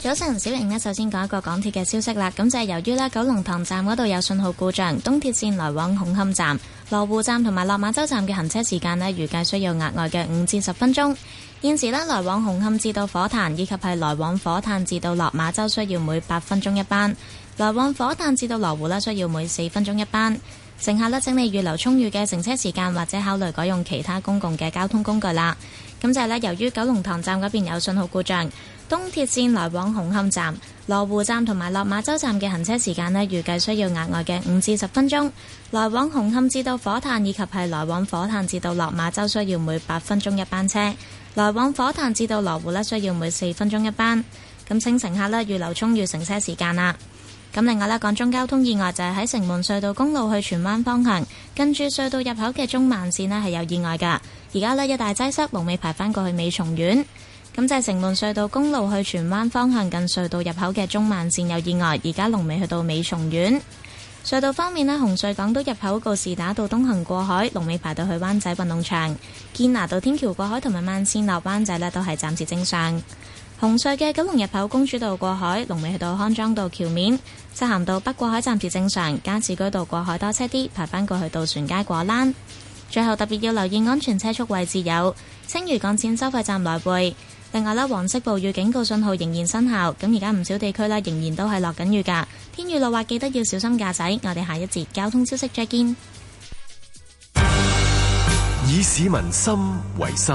早晨，小玲呢，首先講一個港鐵嘅消息啦。咁就係由於咧，九龍塘站嗰度有信號故障，東鐵綫來往紅磡站、羅湖站同埋落馬洲站嘅行車時間呢，預計需要額外嘅五至十分鐘。現時呢，來往紅磡至到火炭以及係來往火炭至到落馬洲需要每八分鐘一班；來往火炭至到羅湖呢，需要每四分鐘一班。乘客呢，請你預留充裕嘅乘車時間，或者考慮改用其他公共嘅交通工具啦。咁就係咧，由於九龍塘站嗰邊有信號故障，東鐵線來往紅磡站、羅湖站同埋落馬洲站嘅行車時間咧，預計需要額外嘅五至十分鐘。來往紅磡至到火炭以及係來往火炭至到落馬洲，需要每八分鐘一班車，來往火炭至到羅湖咧，需要每四分鐘一班。咁請乘客咧，預留充裕乘車時間啦。咁另外咧，港中交通意外就係、是、喺城門隧道公路去荃灣方向，近住隧道入口嘅中慢線呢係有意外噶。而家呢，一大擠塞，龍尾排返過去美松苑。咁就係城門隧道公路去荃灣方向近隧道入口嘅中慢線有意外，而家龍尾去到美松苑。隧道方面呢，紅隧港島入口告士打道東行過海，龍尾排到去灣仔運動場。堅拿道天橋過海同埋慢線落灣仔呢都係暫時正常。紅隧嘅九龍入口公主道過海，龍尾去到康莊道橋面；西行到北過海暫時正常，加士居道過海多車啲，排翻過去到船街果欄。最後特別要留意安全車速位置有青嶼幹綫收費站來回。另外咧，黃色暴雨警告信號仍然生效，咁而家唔少地區咧仍然都係落緊雨噶。天雨路滑，記得要小心駕駛。我哋下一節交通消息再見。以市民心為心。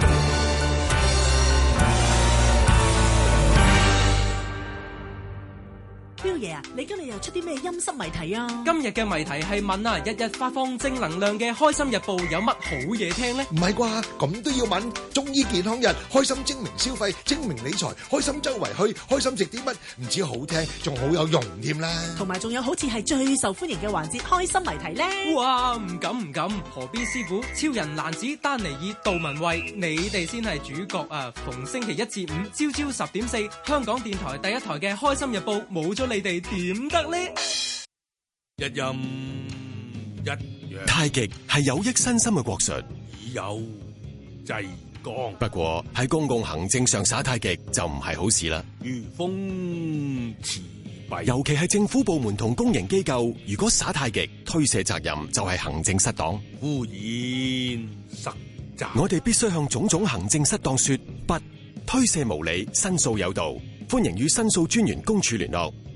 嘢啊！你今日又出啲咩陰濕謎題啊？今日嘅謎題係問啊，日日發放正能量嘅開心日報有乜好嘢聽咧？唔係啩？咁都要問中醫健康日、開心精明消費、精明理財、開心周圍去、開心食啲乜，唔止好聽，仲好有用添啦！同埋仲有好似係最受歡迎嘅環節開心謎題咧！哇！唔敢唔敢，何必師傅、超人男子、丹尼爾、杜文慧，你哋先係主角啊！逢星期一至五朝朝十點四，香港電台第一台嘅開心日報冇咗你哋，你點得呢？一陰一陽，太極係有益身心嘅國術。以柔制剛，不過喺公共行政上耍太極就唔係好事啦。如封似閉，尤其係政府部門同公營機構，如果耍太極推卸責任，就係行政失當污染神雜。實責我哋必須向種種行政失當說不，推卸無理，申訴有道。歡迎與申訴專員公署聯絡。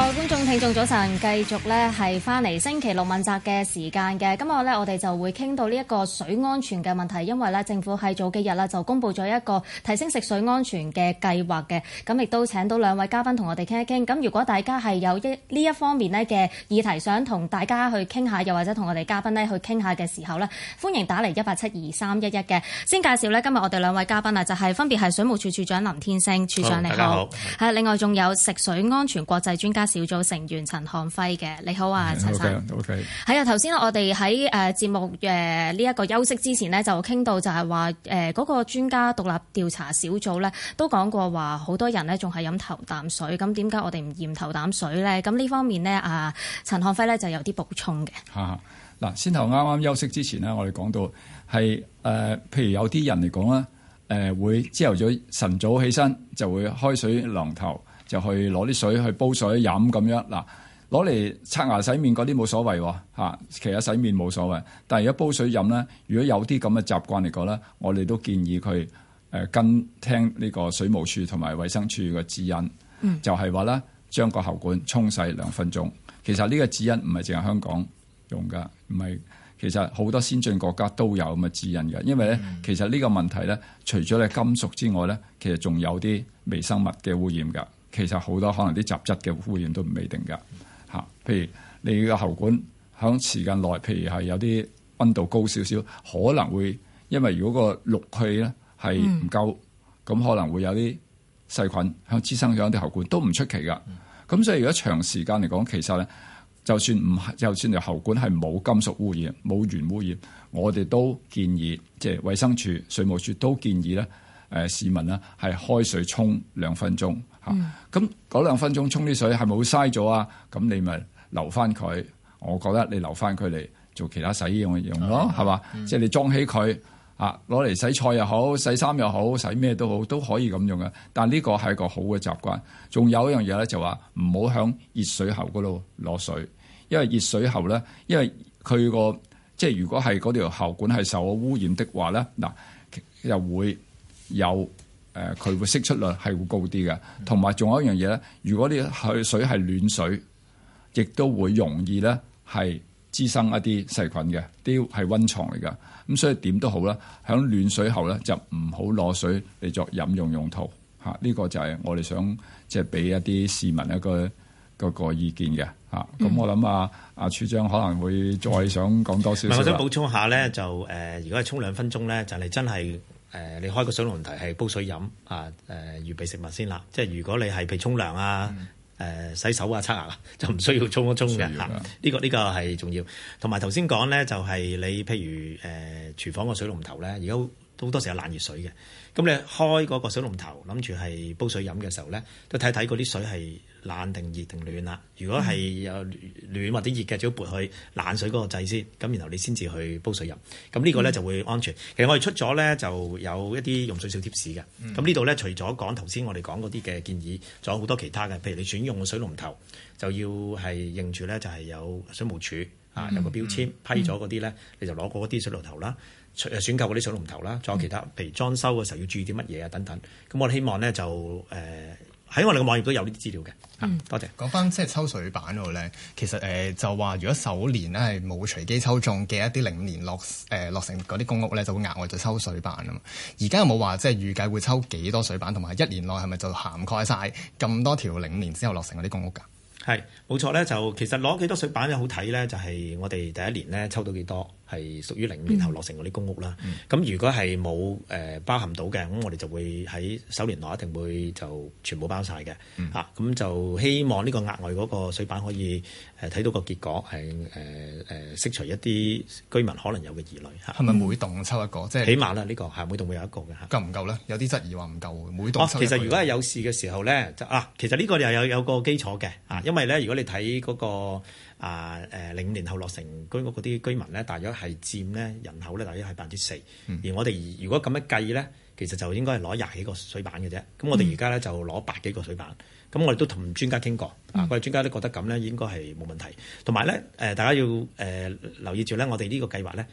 各位觀眾、聽眾，早晨！繼續咧係翻嚟星期六問責嘅時間嘅，今日咧我哋就會傾到呢一個水安全嘅問題，因為咧政府係早幾日啦就公布咗一個提升食水安全嘅計劃嘅，咁亦都請到兩位嘉賓同我哋傾一傾。咁如果大家係有一呢一方面呢嘅議題想同大家去傾下，又或者同我哋嘉賓呢去傾下嘅時候呢，歡迎打嚟一八七二三一一嘅。先介紹呢今日我哋兩位嘉賓啊，就係分別係水務署署長林天星署長，好，你好。大家好。另外仲有食水安全國際專家小組成員陳漢輝嘅，你好啊，陳 Okay, 生。O K，係啊，頭先我哋喺誒節目誒呢一個休息之前呢，就傾到就係話誒嗰個專家獨立調查小組呢，都講過話好多人呢仲係飲頭啖水，咁點解我哋唔飲頭啖水咧？咁呢方面呢，阿陳漢輝咧就有啲補充嘅。吓，嗱，先頭啱啱休息之前呢，我哋講到係誒、呃，譬如有啲人嚟講咧，誒、呃、會朝頭早晨早起身就會開水龍頭。就去攞啲水去煲水飲，咁樣。嗱，攞嚟刷牙洗面嗰啲冇所謂嚇、啊,其實洗面冇所謂。但係而家煲水飲咧，如果有啲咁嘅習慣嚟講咧，我哋都建議佢誒跟聽呢個水務署同埋衞生署嘅指引，嗯、就係話咧將個喉管沖洗兩分鐘。其實呢個指引唔係淨係香港用㗎，唔係其實好多先進國家都有咁嘅指引嘅，因為咧、嗯、其實呢個問題咧，除咗你金屬之外咧，其實仲有啲微生物嘅污染㗎。其實好多可能啲雜質嘅污染都唔未定噶吓、啊，譬如你個喉管響時間耐，譬如係有啲溫度高少少，可能會因為如果個氯氣咧係唔夠，咁、嗯、可能會有啲細菌響滋生響啲喉管都唔出奇噶。咁、嗯、所以如果長時間嚟講，其實咧就算唔，就算你喉管係冇金屬污染，冇源污染，我哋都建議，即係衛生署、水務署都建議咧，誒、呃、市民呢係開水沖兩分鐘。咁嗰兩分鐘沖啲水係咪好嘥咗啊？咁你咪留翻佢，我覺得你留翻佢嚟做其他洗衣用用咯，係嘛？即係你裝起佢啊，攞嚟洗菜又好，洗衫又好，洗咩都好都可以咁用嘅。但係呢個係一個好嘅習慣。仲有一樣嘢咧，就話唔好響熱水喉嗰度攞水，因為熱水喉咧，因為佢個即係如果係嗰條喉管係受咗污染的話咧，嗱又會有。誒佢會釋出率係會高啲嘅，同埋仲有一樣嘢咧，如果你去水係暖水，亦都會容易咧係滋生一啲細菌嘅，啲係溫床嚟㗎。咁所以點都好啦，喺暖水喉咧就唔好攞水嚟作飲用用途嚇。呢、這個就係我哋想即係俾一啲市民一個個個意見嘅嚇。咁我諗啊、嗯、啊處長可能會再想講多少少？唔、嗯、我想補充下咧，嗯、就誒、呃，如果係沖兩分鐘咧，就係真係。誒、呃，你開個水龍頭係煲水飲啊！誒、呃呃，預備食物先啦。即係如果你係譬如沖涼啊、誒、嗯呃、洗手啊、刷、呃、牙、啊呃，就唔需要沖一沖嘅嚇。呢、啊呢個呢、呢個係重要。同埋頭先講咧，就係你譬如誒、呃、廚房個水龍頭咧，而家好多時候係冷熱水嘅。咁你開嗰個水龍頭，諗住係煲水飲嘅時候咧，都睇睇嗰啲水係，冷定、熱定、暖啦、啊。如果係有暖或者熱嘅，最好撥去冷水嗰個掣先。咁然後你先至去煲水飲。咁呢個呢、嗯、就會安全。其實我哋出咗呢，就有一啲用水小貼士嘅。咁呢度呢，除咗講頭先我哋講嗰啲嘅建議，仲有好多其他嘅。譬如你選用水龍頭，就要係認住呢，就係、是、有水務署、嗯、啊有個標籤、嗯、批咗嗰啲呢，你就攞過嗰啲水龍頭啦，選購嗰啲水龍頭啦。仲有其他、嗯、譬如裝修嘅時候要注意啲乜嘢啊等等。咁我哋希望呢，就誒。嗯喺我哋嘅網頁都有呢啲資料嘅。嗯，多謝。講返即係抽水板嗰度咧，其實誒、呃、就話如果首年咧係冇隨機抽中嘅一啲零五年落誒落成嗰啲公屋咧，就會額外就抽水板啊。而家有冇話即係預計會抽幾多水板，同埋一年內係咪就涵蓋晒咁多條零五年之後落成嗰啲公屋㗎？係冇錯咧，就其實攞幾多水板又好睇咧，就係、是、我哋第一年咧抽到幾多。係屬於零年後落成嗰啲公屋啦，咁、嗯、如果係冇誒包含到嘅，咁我哋就會喺首年內一定會就全部包晒嘅嚇，咁、嗯啊、就希望呢個額外嗰個水板可以誒睇到個結果，誒誒誒，釋、啊啊、除一啲居民可能有嘅疑慮嚇。係咪每棟抽一個？嗯、即係是起碼啦、這個，呢個係每棟會有一個嘅嚇。夠唔夠咧？有啲質疑話唔夠，每棟、啊。其實如果係有事嘅時候咧，啊，其實呢個又有有個基礎嘅嚇，因為咧，如果你睇嗰個。啊誒，零、呃、五年後落成居屋嗰啲居民咧，大約係佔咧人口咧，大約係百分之四。嗯、而我哋如果咁樣計咧，其實就應該係攞廿幾個水板嘅啫。咁我哋而家咧就攞百幾個水板。咁我哋都同專家傾過，嗯、啊，我哋專家都覺得咁咧應該係冇問題。同埋咧，誒、呃、大家要誒、呃、留意住咧，我哋呢個計劃咧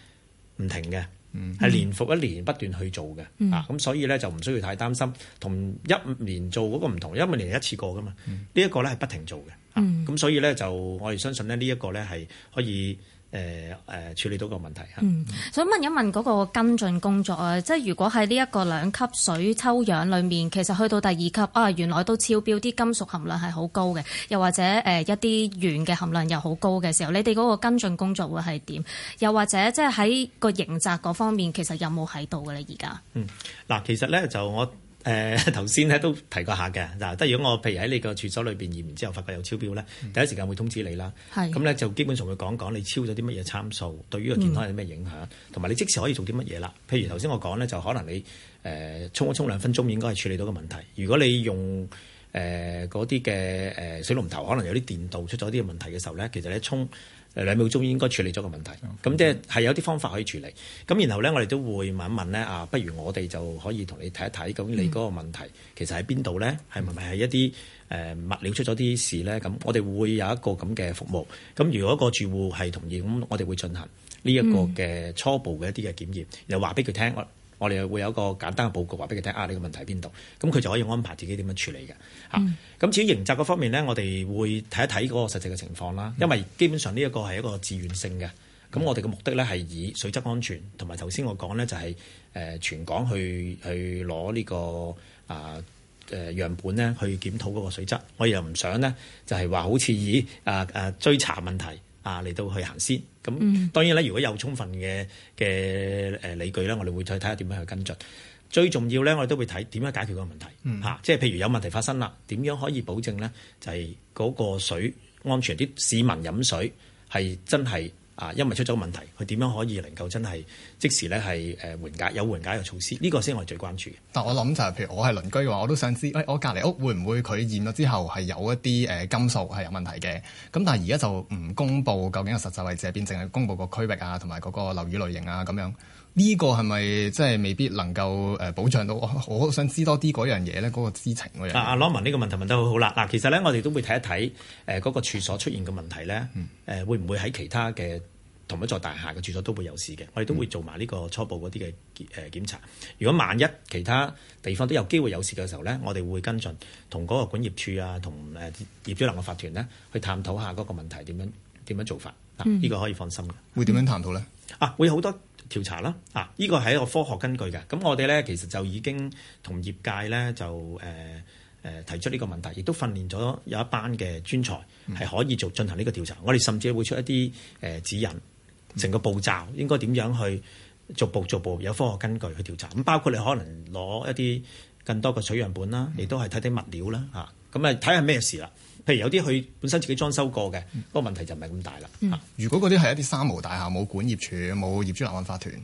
唔停嘅，係、嗯、年復一年不斷去做嘅。嗯、啊，咁所以咧就唔需要太擔心。同一年做嗰個唔同，一五年一次過噶嘛。呢、這、一個咧係不停做嘅。嗯，咁所以咧就我哋相信咧呢一個咧係可以誒誒、呃呃、處理到個問題嚇。嗯，想問一問嗰個跟進工作啊，即係如果喺呢一個兩級水抽樣裏面，其實去到第二級啊，原來都超標啲金屬含量係好高嘅，又或者誒一啲鉛嘅含量又好高嘅時候，你哋嗰個跟進工作會係點？又或者即係喺個刑責嗰方面，其實有冇喺度嘅咧？而家嗯，嗱，其實咧就我。誒頭先咧都提過下嘅嗱，即如果我譬如喺你個廁所裏邊驗完之後，發覺有超標咧，嗯、第一時間會通知你啦。係是，咁咧就基本上會講講你超咗啲乜嘢參數，對於個健康有啲咩影響，同埋、嗯、你即時可以做啲乜嘢啦？譬如頭先我講咧，就可能你誒、呃、沖一沖兩分鐘，應該係處理到個問題。如果你用誒嗰啲嘅誒水龍頭，可能有啲電道出咗啲問題嘅時候咧，其實咧沖，兩秒鐘應該處理咗個問題，咁、嗯、即係有啲方法可以處理。咁然後呢，我哋都會問一問咧，啊，不如我哋就可以同你睇一睇，究竟你嗰個問題其實喺邊度呢？係咪咪係一啲誒、呃、物料出咗啲事呢？咁我哋會有一個咁嘅服務。咁如果個住戶係同意，咁我哋會進行呢一個嘅初步嘅一啲嘅檢驗，又話俾佢聽，我哋會有一個簡單嘅報告話俾佢聽。啊，呢個問題喺邊度？咁佢就可以安排自己點樣處理嘅。嚇！咁至、嗯、於刑責嗰方面咧，我哋會睇一睇嗰個實際嘅情況啦。因為基本上呢一個係一個自願性嘅，咁我哋嘅目的咧係以水質安全同埋頭先我講咧就係、是、誒、呃、全港去去攞呢、這個啊誒、呃呃、樣本咧去檢討嗰個水質。我又唔想呢就係、是、話好似以啊啊、呃呃、追查問題啊嚟到去行先。咁當然咧，如果有充分嘅嘅誒理據咧，我哋會再睇下點樣去跟進。最重要咧，我哋都會睇點樣解決個問題嚇、嗯啊，即係譬如有問題發生啦，點樣可以保證咧？就係、是、嗰個水安全啲，市民飲水係真係啊，因為出咗問題，佢點樣可以能夠真係即時咧係誒緩解有緩解嘅措施？呢、這個先我係最關注嘅。但我諗就係、是、譬如我係鄰居嘅話，我都想知，誒我隔離屋會唔會佢驗咗之後係有一啲誒、呃、金屬係有問題嘅？咁但係而家就唔公佈究竟嘅實際位置，變成係公佈個區域啊，同埋嗰個樓宇類型啊咁樣。呢個係咪即係未必能夠誒保障到我？我我想知多啲嗰樣嘢咧，嗰、那個知情嘅嘢、啊。啊，阿羅文呢個問題問得好好啦。嗱、啊，其實咧，我哋都會睇一睇誒嗰個處所出現嘅問題咧，誒、嗯呃、會唔會喺其他嘅同一座大廈嘅處所都會有事嘅？我哋都會做埋呢個初步嗰啲嘅誒檢查。嗯、如果萬一其他地方都有機會有事嘅時候咧，我哋會跟進同嗰個管業處啊，同誒、呃、業主樓嘅法團咧去探討下嗰個問題點樣點樣做法。啊，呢、這個可以放心嘅、嗯啊。會點樣探討咧、啊？啊，會有好多，調查啦，啊！呢個係一個科學根據嘅。咁我哋咧其實就已經同業界咧就誒誒、呃呃、提出呢個問題，亦都訓練咗有一班嘅專才係可以做進行呢個調查。嗯、我哋甚至會出一啲誒、呃、指引，成個步驟應該點樣去逐步逐步有科學根據去調查。咁包括你可能攞一啲更多嘅取樣本啦，亦、啊、都係睇睇物料啦，嚇咁啊睇下咩事啦。譬如有啲佢本身自己裝修過嘅，嗰個、嗯、問題就唔係咁大啦。嗯、如果嗰啲係一啲三無大廈，冇管業處，冇業主立案法團，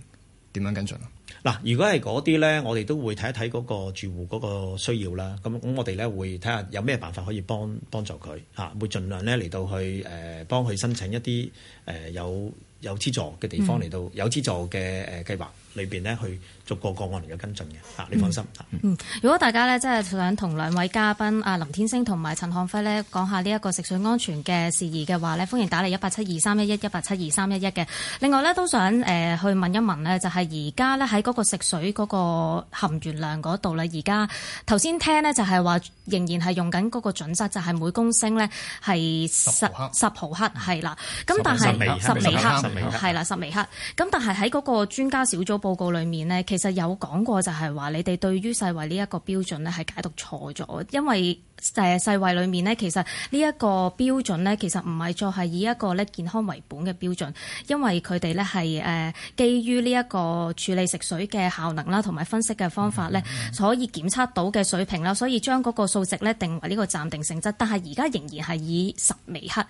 點樣跟進啊？嗱，如果係嗰啲咧，我哋都會睇一睇嗰個住戶嗰個需要啦。咁咁，我哋咧會睇下有咩辦法可以幫幫助佢嚇，會盡量咧嚟到去誒幫佢申請一啲誒有有資助嘅地方嚟到、嗯、有資助嘅誒計劃。裏邊呢去逐個個案嚟嘅，跟進嘅，啊，你放心嗯，嗯如果大家呢真係、就是、想同兩位嘉賓啊林天星同埋陳漢輝呢講下呢一個食水安全嘅事宜嘅話呢，歡迎打嚟一八七二三一一一八七二三一一嘅。另外呢，都想誒、呃、去問一問呢，就係而家呢喺嗰個食水嗰個含鉛量嗰度呢，而家頭先聽呢，就係話仍然係用緊嗰個準則，就係、是、每公升呢係十十毫克係啦。咁但係十微克係啦，十微克。咁但係喺嗰個專家小組。報告裡面呢，其實有講過就係話你哋對於世衞呢一個標準呢，係解讀錯咗，因為誒世衞裡面呢，其實呢一個標準呢，其實唔係再係以一個咧健康為本嘅標準，因為佢哋呢係誒基於呢一個處理食水嘅效能啦，同埋分析嘅方法呢，所以檢測到嘅水平啦，所以將嗰個數值呢，定為呢個暫定性質，但係而家仍然係以十微克。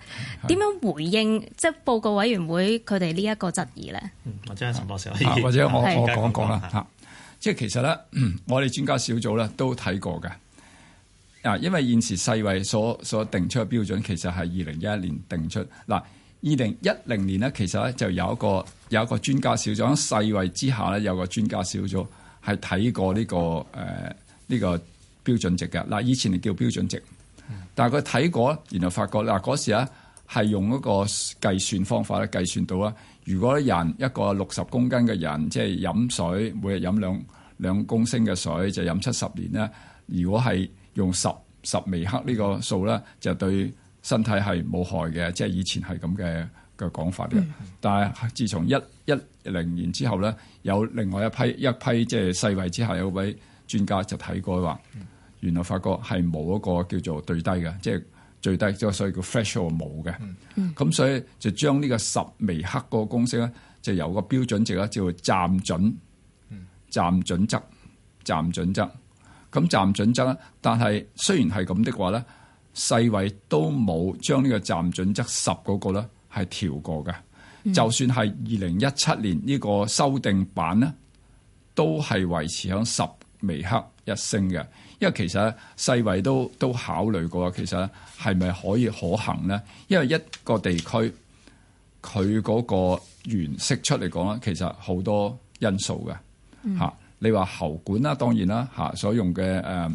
點樣回應，即係報告委員會，佢哋呢一個質疑呢？嗯，或者陳博士。我講講啦，吓，即係其實咧，我哋專家小組咧都睇過嘅。啊，因為現時世衛所所定出嘅標準，其實係二零一一年定出。嗱，二零一零年咧，其實咧就有一個有一個專家小組，世衛之下咧有個專家小組係睇過呢個誒呢個呃標準值嘅。嗱，以前係叫標準值，但係佢睇過，然後發覺嗱嗰時咧係用嗰個計算方法咧計算到啊。如果人一個六十公斤嘅人，即係飲水，每日飲兩兩公升嘅水，就飲七十年咧。如果係用十十微克呢個數咧，就對身體係冇害嘅，即係以前係咁嘅嘅講法嘅。嗯、但係自從一一零年之後咧，有另外一批一批即係世衞之下有位專家就睇過話，嗯、原來發覺係冇一個叫做對低嘅，即係。最低，即所以叫 threshold 冇嘅，咁所以就將呢個十微克個公式咧，就有個標準值咧叫做暫準、暫準則、暫準則。咁暫準則咧，但係雖然係咁的話咧，世衞都冇將呢個暫準則十嗰個咧係調過嘅。嗯、就算係二零一七年個呢個修訂版咧，都係維持喺十微克一升嘅。因為其實世衛都都考慮過，其實係咪可以可行咧？因為一個地區佢嗰個鉛釋出嚟講咧，其實好多因素嘅嚇、嗯啊。你話喉管啦，當然啦嚇、啊，所用嘅誒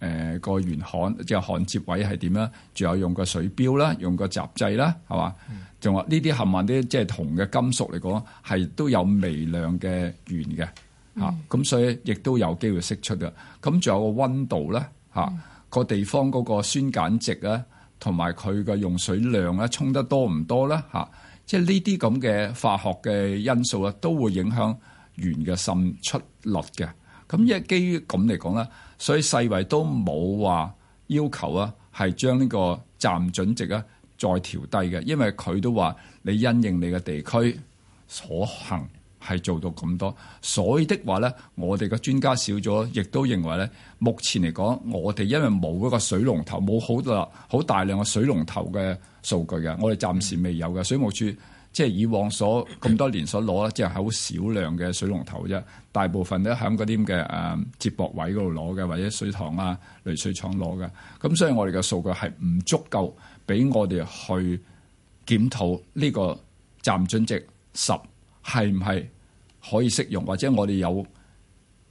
誒個鉛焊即係焊接位係點啦？仲有用個水錶啦，用個閘掣啦，係嘛？仲話呢啲冚唪唥啲即係銅嘅金屬嚟講，係都有微量嘅鉛嘅。啊，咁所以亦都有機會釋出啊，咁仲有個溫度咧，嚇、啊、個、啊、地方嗰個酸鹼值啊，同埋佢嘅用水量咧，沖得多唔多咧，嚇、啊，即係呢啲咁嘅化學嘅因素啊，都會影響鉛嘅滲出率嘅。咁、啊、一基於咁嚟講咧，所以世衞都冇話要求啊，係將呢個暫準值啊再調低嘅，因為佢都話你因應你嘅地區所行。係做到咁多，所以的話呢，我哋嘅專家少咗，亦都認為咧，目前嚟講，我哋因為冇嗰個水龍頭，冇好多好大量嘅水龍頭嘅數據嘅，我哋暫時未有嘅。水務署即係以往所咁多年所攞咧，即係好少量嘅水龍頭啫，大部分都喺嗰啲嘅誒接駁位嗰度攞嘅，或者水塘啊、濾水廠攞嘅。咁所以我哋嘅數據係唔足夠俾我哋去檢討呢個暫準值十。係唔係可以適用，或者我哋有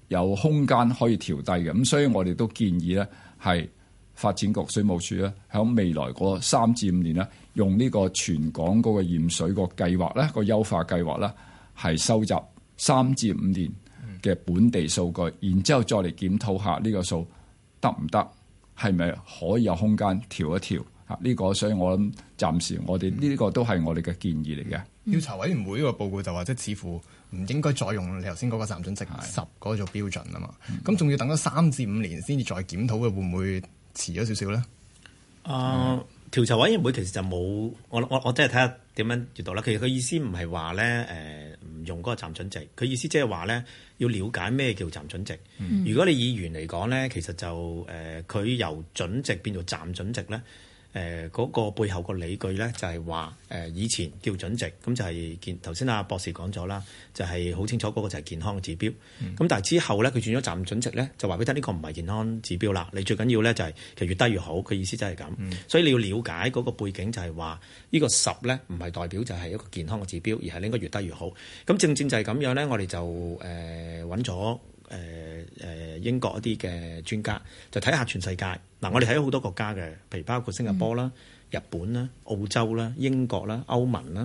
有空間可以調低嘅？咁所以我哋都建議咧，係發展局水務署咧，響未來個三至五年咧，用呢個全港嗰個驗水個計劃咧，個優化計劃啦，係收集三至五年嘅本地數據，然之後再嚟檢討下呢個數得唔得，係咪可以有空間調一調？嚇，呢個所以我諗，暫時我哋呢、嗯、個都係我哋嘅建議嚟嘅。調查委員會個報告就話，即係似乎唔應該再用你頭先嗰個暫準值十嗰做標準啊嘛，咁仲的要等咗三至五年先至再檢討嘅，會唔會遲咗少少咧？啊、呃，調查委員會其實就冇我我我真係睇下點樣讀啦。其實佢意思唔係話咧，誒、呃、唔用嗰個暫準值，佢意思即係話咧要了解咩叫暫準值。嗯、如果你議員嚟講咧，其實就誒佢、呃、由準值變做暫準值咧。誒嗰、呃那個背後個理據咧，就係話誒以前叫準值，咁就係健，頭先阿博士講咗啦，就係、是、好清楚嗰個就係健康嘅指標。咁、嗯、但係之後咧，佢轉咗站準值咧，就話俾你聽呢個唔係健康指標啦。你最緊要咧就係其實越低越好，佢意思就係咁。嗯、所以你要了解嗰個背景就係話、這個、呢個十咧唔係代表就係一個健康嘅指標，而係應該越低越好。咁正正就係咁樣咧，我哋就誒搵咗。呃誒誒、呃、英國一啲嘅專家，就睇下全世界嗱，我哋睇咗好多國家嘅，譬如包括新加坡啦、mm hmm. 日本啦、澳洲啦、英國啦、歐盟啦、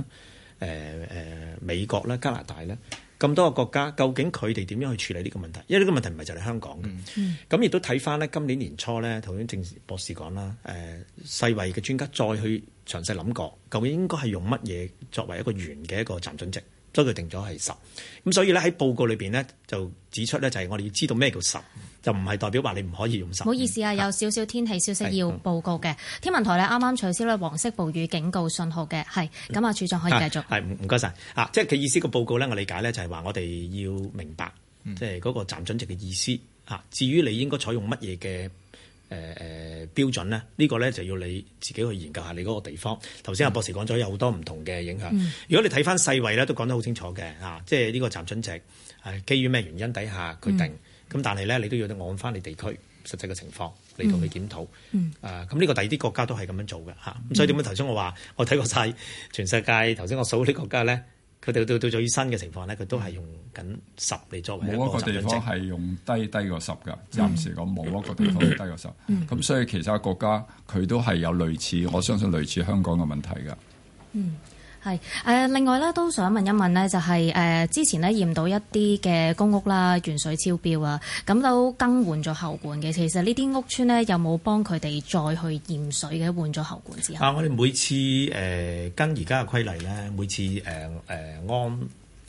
誒、呃、誒美國啦、加拿大咧，咁多個國家究竟佢哋點樣去處理呢個問題？因為呢個問題唔係就嚟香港嘅，咁亦都睇翻咧今年年初咧，頭先鄭博士講啦，誒、呃、世衞嘅專家再去詳細諗過，究竟應該係用乜嘢作為一個圓嘅一個暫準值？所以佢定咗係十，咁所以咧喺報告裏邊咧就指出咧就係我哋要知道咩叫十，就唔係代表話你唔可以用十。唔好意思啊，有少少天氣消息要報告嘅，的天文台咧啱啱取消咧黃色暴雨警告信號嘅，係咁啊，處長可以繼續。係唔唔該晒。啊！即係佢意思個報告咧，我理解咧就係話我哋要明白，即係嗰個暫準值嘅意思啊。至於你應該採用乜嘢嘅？誒誒、呃、標準咧，這個、呢個咧就要你自己去研究下你嗰個地方。頭先阿博士講咗有好多唔同嘅影響。如果你睇翻世衞咧，都講得好清楚嘅嚇、啊，即係呢個暫準值係基於咩原因底下決定。咁、嗯、但係咧，你都要按翻你地區實際嘅情況嚟同你，你檢討。誒咁呢個第二啲國家都係咁樣做嘅嚇。咁、啊、所以點解頭先我話我睇過晒全世界頭先我數啲國家咧？佢到到到最新嘅情況咧，佢都係用緊十嚟作為一個。冇一個地方係用低低過十㗎，暫時講冇一個地方低過十。咁 所以其他國家佢都係有類似，我相信類似香港嘅問題㗎。嗯。 係誒、呃，另外咧都想問一問咧，就係、是、誒、呃、之前咧驗到一啲嘅公屋啦、啊，鉛水超標啊，咁都更換咗喉管嘅。其實呢啲屋邨咧有冇幫佢哋再去驗水嘅？換咗喉管之後，啊，我哋每次誒、呃、跟而家嘅規例咧，每次誒誒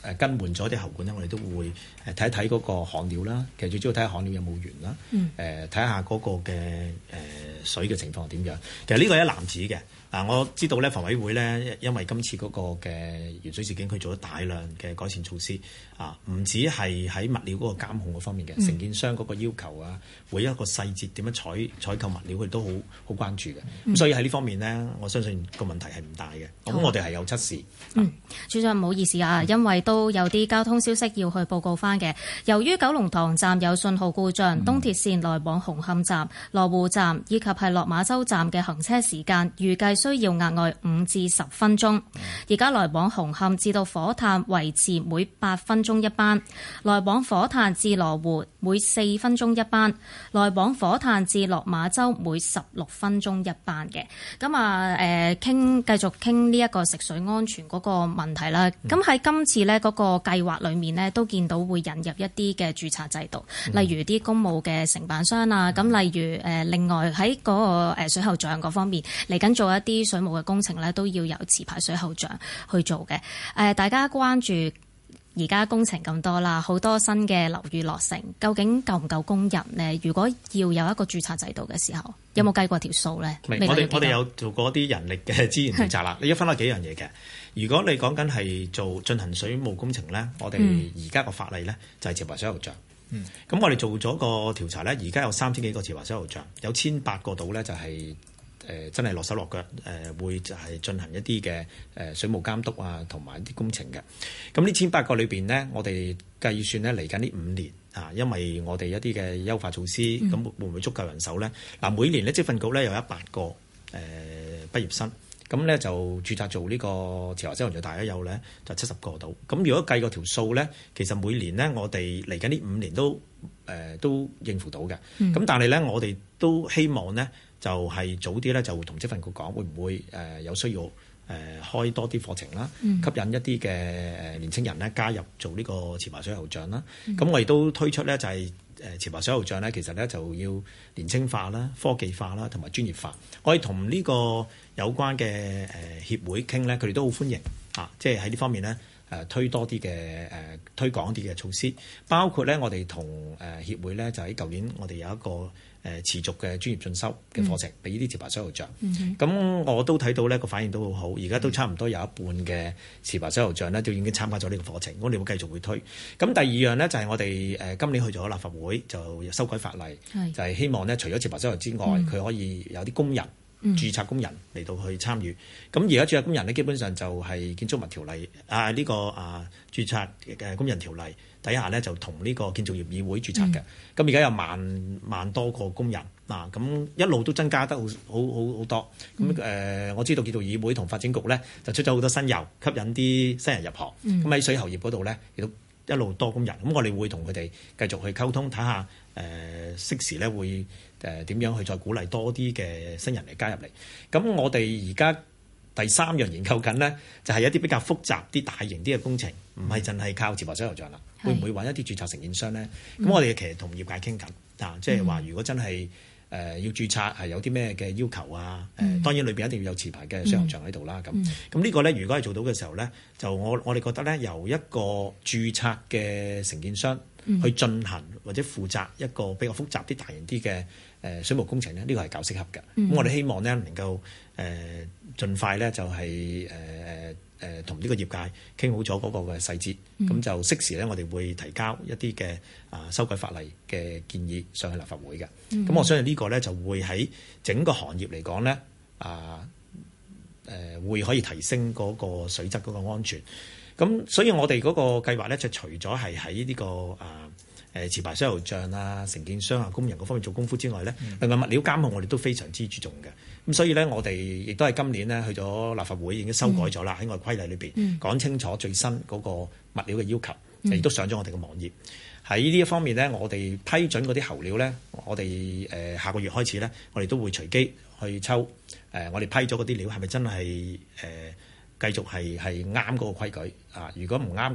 按誒更換咗啲喉管咧，我哋都會誒睇一睇嗰個焊料啦。其實最主要睇下焊料有冇鉛啦，誒睇下嗰個嘅誒、呃、水嘅情況點樣。其實呢個係一籃子嘅。啊，我知道咧，房委會咧，因為今次嗰個嘅鉛水事件，佢做咗大量嘅改善措施。啊，唔止係喺物料嗰個監控嗰方面嘅，承建、嗯、商嗰個要求啊，每一個細節點樣採採購物料，佢哋都好好關注嘅。嗯、所以喺呢方面呢，我相信個問題係唔大嘅。咁、嗯、我哋係有測試。嗯，署長唔好意思啊，因為都有啲交通消息要去報告翻嘅。由於九龍塘站有信號故障，嗯、東鐵線來往紅磡站、羅湖站以及係落馬洲站嘅行車時間預計需要額外五至十分鐘。而家、嗯、來往紅磡至到火炭維持每八分鐘。中一班來往火炭至羅湖，每四分鐘一班；來往火炭至落馬洲，每十六分鐘一班嘅。咁啊，誒，傾繼續傾呢一個食水安全嗰個問題啦。咁喺、嗯、今次呢嗰個計劃裏面呢，都見到會引入一啲嘅註冊制度，例如啲公務嘅承辦商啊，咁、嗯、例如誒、呃，另外喺嗰、那個誒、呃、水喉匠嗰方面嚟緊做一啲水務嘅工程呢，都要有持牌水喉匠去做嘅。誒、呃，大家關注。而家工程咁多啦，好多新嘅樓宇落成，究竟夠唔夠工人咧？如果要有一個註冊制度嘅時候，嗯、有冇計過條數呢？嗯、我哋我哋有做過啲人力嘅資源調查啦。你要 分開幾樣嘢嘅。如果你講緊係做進行水務工程呢，我哋而家個法例呢，就係持牌水喉匠。嗯。咁我哋做咗個調查呢，而家有三千幾個持牌水喉匠，有千八個度呢，就係、是。誒、呃、真係落手落腳，誒、呃、會就係進行一啲嘅誒水務監督啊，同埋啲工程嘅。咁呢千八個裏邊呢，我哋計算呢嚟緊呢五年啊，因為我哋一啲嘅優化措施，咁會唔會足夠人手呢？嗱、嗯啊，每年呢，職訓局呢，有一百個誒、呃、畢業生，咁呢，就註冊做呢個潮州人就大約有呢，就七十個到。咁如果計個條數呢，其實每年呢，我哋嚟緊呢五年都誒、呃、都應付到嘅。咁、嗯、但係呢，我哋都希望呢。就係早啲咧，就同職訓局講，會唔會誒有需要誒開多啲課程啦，吸引一啲嘅誒年輕人咧加入做呢個持牌水喉匠啦。咁我亦都推出咧就係誒持牌水喉匠咧，其實咧就要年輕化啦、科技化啦同埋專業化。我哋同呢個有關嘅誒協會傾咧，佢哋都好歡迎嚇，即係喺呢方面咧誒推多啲嘅誒推廣啲嘅措施，包括咧我哋同誒協會咧就喺舊年我哋有一個。誒持續嘅專業進修嘅課程，俾呢啲持牌水喉匠，咁、嗯、哼我都睇到呢個反應都好好，而家都差唔多有一半嘅持牌水喉匠呢，就已經參加咗呢個課程，我哋會繼續會推。咁第二樣呢，就係、是、我哋誒今年去咗立法會就修改法例，是就係希望呢，除咗持牌水喉之外，佢、嗯、可以有啲工人。嗯、註冊工人嚟到去參與，咁而家註冊工人咧，基本上就係建築物條例啊呢、呢個啊註冊誒工人條例底下咧，就同呢個建造業議會註冊嘅。咁而家有萬萬多個工人嗱，咁、啊、一路都增加得好好好，好多。咁誒、呃，我知道建造業議會同發展局咧，就出咗好多新遊，吸引啲新人入行。咁喺、嗯、水喉業嗰度咧，亦都一路多工人。咁我哋會同佢哋繼續去溝通，睇下誒適時咧會。誒點、呃、樣去再鼓勵多啲嘅新人嚟加入嚟？咁我哋而家第三樣研究緊呢，就係、是、一啲比較複雜、啲大型啲嘅工程，唔係淨係靠持牌水喉匠啦，會唔會揾一啲註冊承建商呢？咁、嗯、我哋其實同業界傾緊啊，即係話如果真係誒、呃、要註冊係有啲咩嘅要求啊？誒、呃嗯、當然裏邊一定要有持牌嘅水喉匠喺度啦。咁咁呢個呢，如果係做到嘅時候呢，就我我哋覺得呢，由一個註冊嘅承建商去進行或者負責一個比較複雜啲、大型啲嘅。誒水務工程咧，呢個係較適合嘅。咁我哋希望咧能夠誒盡快咧就係誒誒誒同呢個業界傾好咗嗰個嘅細節，咁就適時咧我哋會提交一啲嘅啊修改法例嘅建議上去立法會嘅。咁我相信呢個咧就會喺整個行業嚟講咧啊誒會可以提升嗰個水質嗰個安全。咁所以我哋嗰個計劃咧就除咗係喺呢個啊。誒持牌水喉匠啊、承建商啊、工人嗰方面做功夫之外咧，另外物料監控我哋都非常之注重嘅。咁所以咧，我哋亦都係今年咧去咗立法會，已經修改咗啦，喺我哋個規例裏邊講清楚最新嗰個物料嘅要求，亦都上咗我哋嘅網頁。喺呢一方面咧，我哋批准嗰啲喉料咧，我哋誒下個月開始咧，我哋都會隨機去抽誒，我哋批咗嗰啲料係咪真係誒繼續係係啱嗰個規矩啊？如果唔啱嗰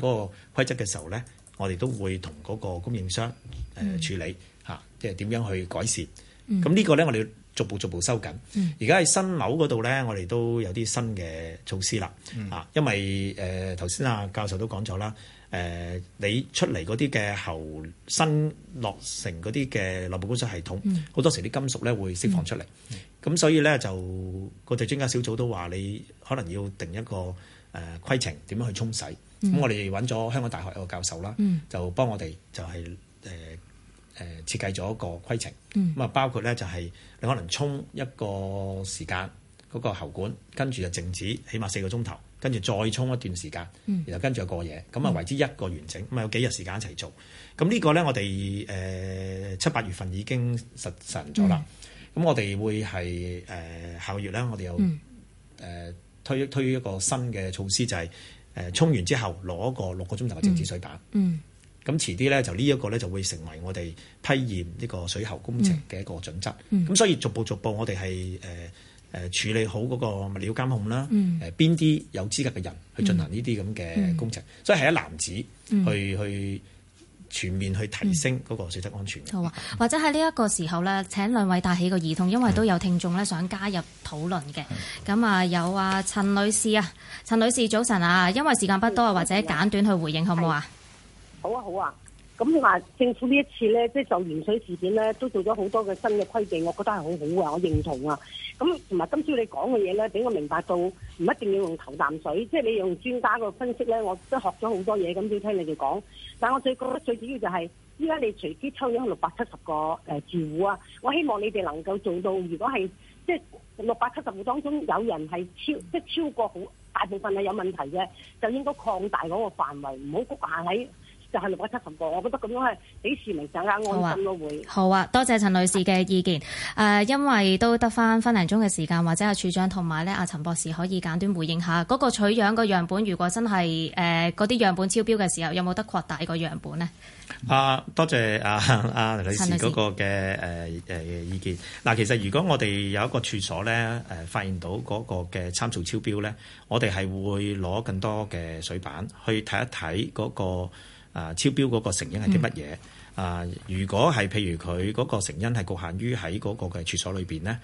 個規則嘅時候咧，我哋都會同嗰個供應商誒、呃、處理嚇、啊，即係點樣去改善。咁呢、嗯、個咧，我哋要逐步逐步收緊。而家喺新樓嗰度咧，我哋都有啲新嘅措施啦。嗯、啊，因為誒頭先阿教授都講咗啦，誒、呃、你出嚟嗰啲嘅喉新落成嗰啲嘅內部供水系統，好、嗯、多時啲金屬咧會釋放出嚟。咁所以咧就國際專家小組都話，你可能要定一個誒規程，點樣去沖洗，洗。咁、嗯、我哋揾咗香港大學一個教授啦，嗯、就幫我哋就係誒誒設計咗一個規程，咁啊、嗯、包括咧就係、是、你可能沖一個時間嗰、那個喉管，跟住就靜止，起碼四個鐘頭，跟住再沖一段時間，然後跟住就過夜，咁啊、嗯、為之一個完整，咁啊、嗯、有幾日時間一齊做。咁呢個咧我哋誒七八月份已經實，實行咗啦。咁、嗯嗯、我哋會係誒、呃、下個月咧，我哋有誒推推一個新嘅措施就係、是。誒沖、呃、完之後攞個六個鐘頭嘅靜止水板，咁遲啲咧就呢一個咧就會成為我哋批驗呢個水喉工程嘅一個準則。咁、嗯嗯、所以逐步逐步我哋係誒誒處理好嗰個物料監控啦，誒邊啲有資格嘅人去進行呢啲咁嘅工程，嗯嗯嗯、所以係一攬子去、嗯、去。全面去提升嗰個水質安全嘅。嗯、好啊，或者喺呢一個時候咧，請兩位帶起個議題，因為都有聽眾咧想加入討論嘅。咁啊、嗯，有啊，陳女士啊，陳女士早晨啊，因為時間不多啊，或者簡短去回應好唔好啊？好啊，好啊。咁你話政府呢一次咧，即係就鹽水事件咧，都做咗好多嘅新嘅規定，我覺得係好好嘅，我認同啊。咁同埋今朝你講嘅嘢咧，俾我明白到唔一定要用頭啖水，即係你用專家嘅分析咧，我都學咗好多嘢。咁都聽你哋講，但係我最覺得最主要就係依家你隨機抽咗六百七十個誒、呃、住戶啊，我希望你哋能夠做到，如果係即係六百七十個當中有人係超，即係超過好大部分係有問題嘅，就應該擴大嗰個範圍，唔好局限喺。就係六七份過，我覺得咁樣係幾時嚟，就更加安心、啊、會好啊，多謝陳女士嘅意見。誒、啊，因為都得翻分零鐘嘅時間，或者阿處長同埋咧阿陳博士可以簡短回應下嗰、嗰個取樣個樣本。如果真係誒嗰啲樣本超標嘅時候，有冇得擴大個樣本呢？啊，多謝阿、啊、阿、啊、女士嗰個嘅誒誒意見嗱。其實如果我哋有一個處所咧，誒、呃、發現到嗰個嘅參數超標咧，我哋係會攞更多嘅水板去睇一睇嗰、嗰個。啊！超標嗰個成因係啲乜嘢？啊，如果係譬如佢嗰個成因係侷限於喺嗰個嘅處所裏邊咧，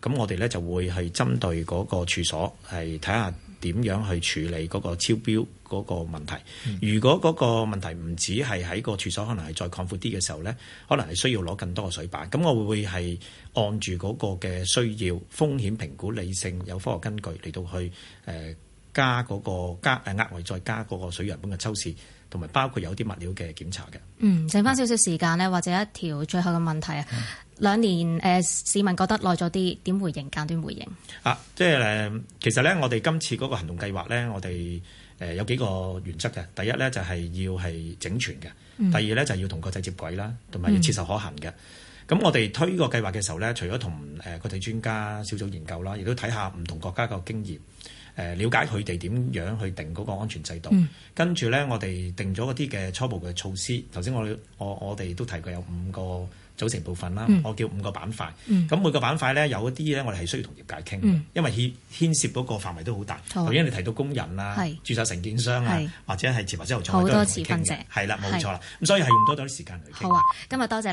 咁我哋咧就會係針對嗰個處所係睇下點樣去處理嗰個超標嗰個問題。如果嗰個問題唔止係喺個處所，可能係再擴闊啲嘅時候咧，可能係需要攞更多嘅水板。咁我會會係按住嗰個嘅需要風險評估，理性有科學根據嚟到去誒加嗰個加誒額外再加嗰個水樣本嘅抽試。同埋包括有啲物料嘅檢查嘅。嗯，剩翻少少時間呢，嗯、或者一條最後嘅問題啊。嗯、兩年誒、呃，市民覺得耐咗啲，點回應？簡短回應啊，即係誒，其實咧，我哋今次嗰個行動計劃咧，我哋誒、呃、有幾個原則嘅。第一咧就係、是、要係整全嘅。嗯、第二咧就係、是、要同國際接軌啦，同埋要切實可行嘅。咁、嗯、我哋推呢個計劃嘅時候咧，除咗同誒國際專家小組研究啦，亦都睇下唔同國家嘅經,經驗。誒，了解佢哋點樣去定嗰個安全制度，嗯、跟住咧我哋定咗嗰啲嘅初步嘅措施。頭先我我我哋都提過有五個組成部分啦，我叫五個板塊。咁每個板塊咧有一啲咧，我哋係需要同業界傾、嗯、因為牽涉嗰個範圍都好大。頭先你提到工人啦，註冊承建商啊，或者係自華之後廠都同佢傾，係啦，冇錯啦，咁所以係用多啲時間去傾。好啊，今日多謝啦。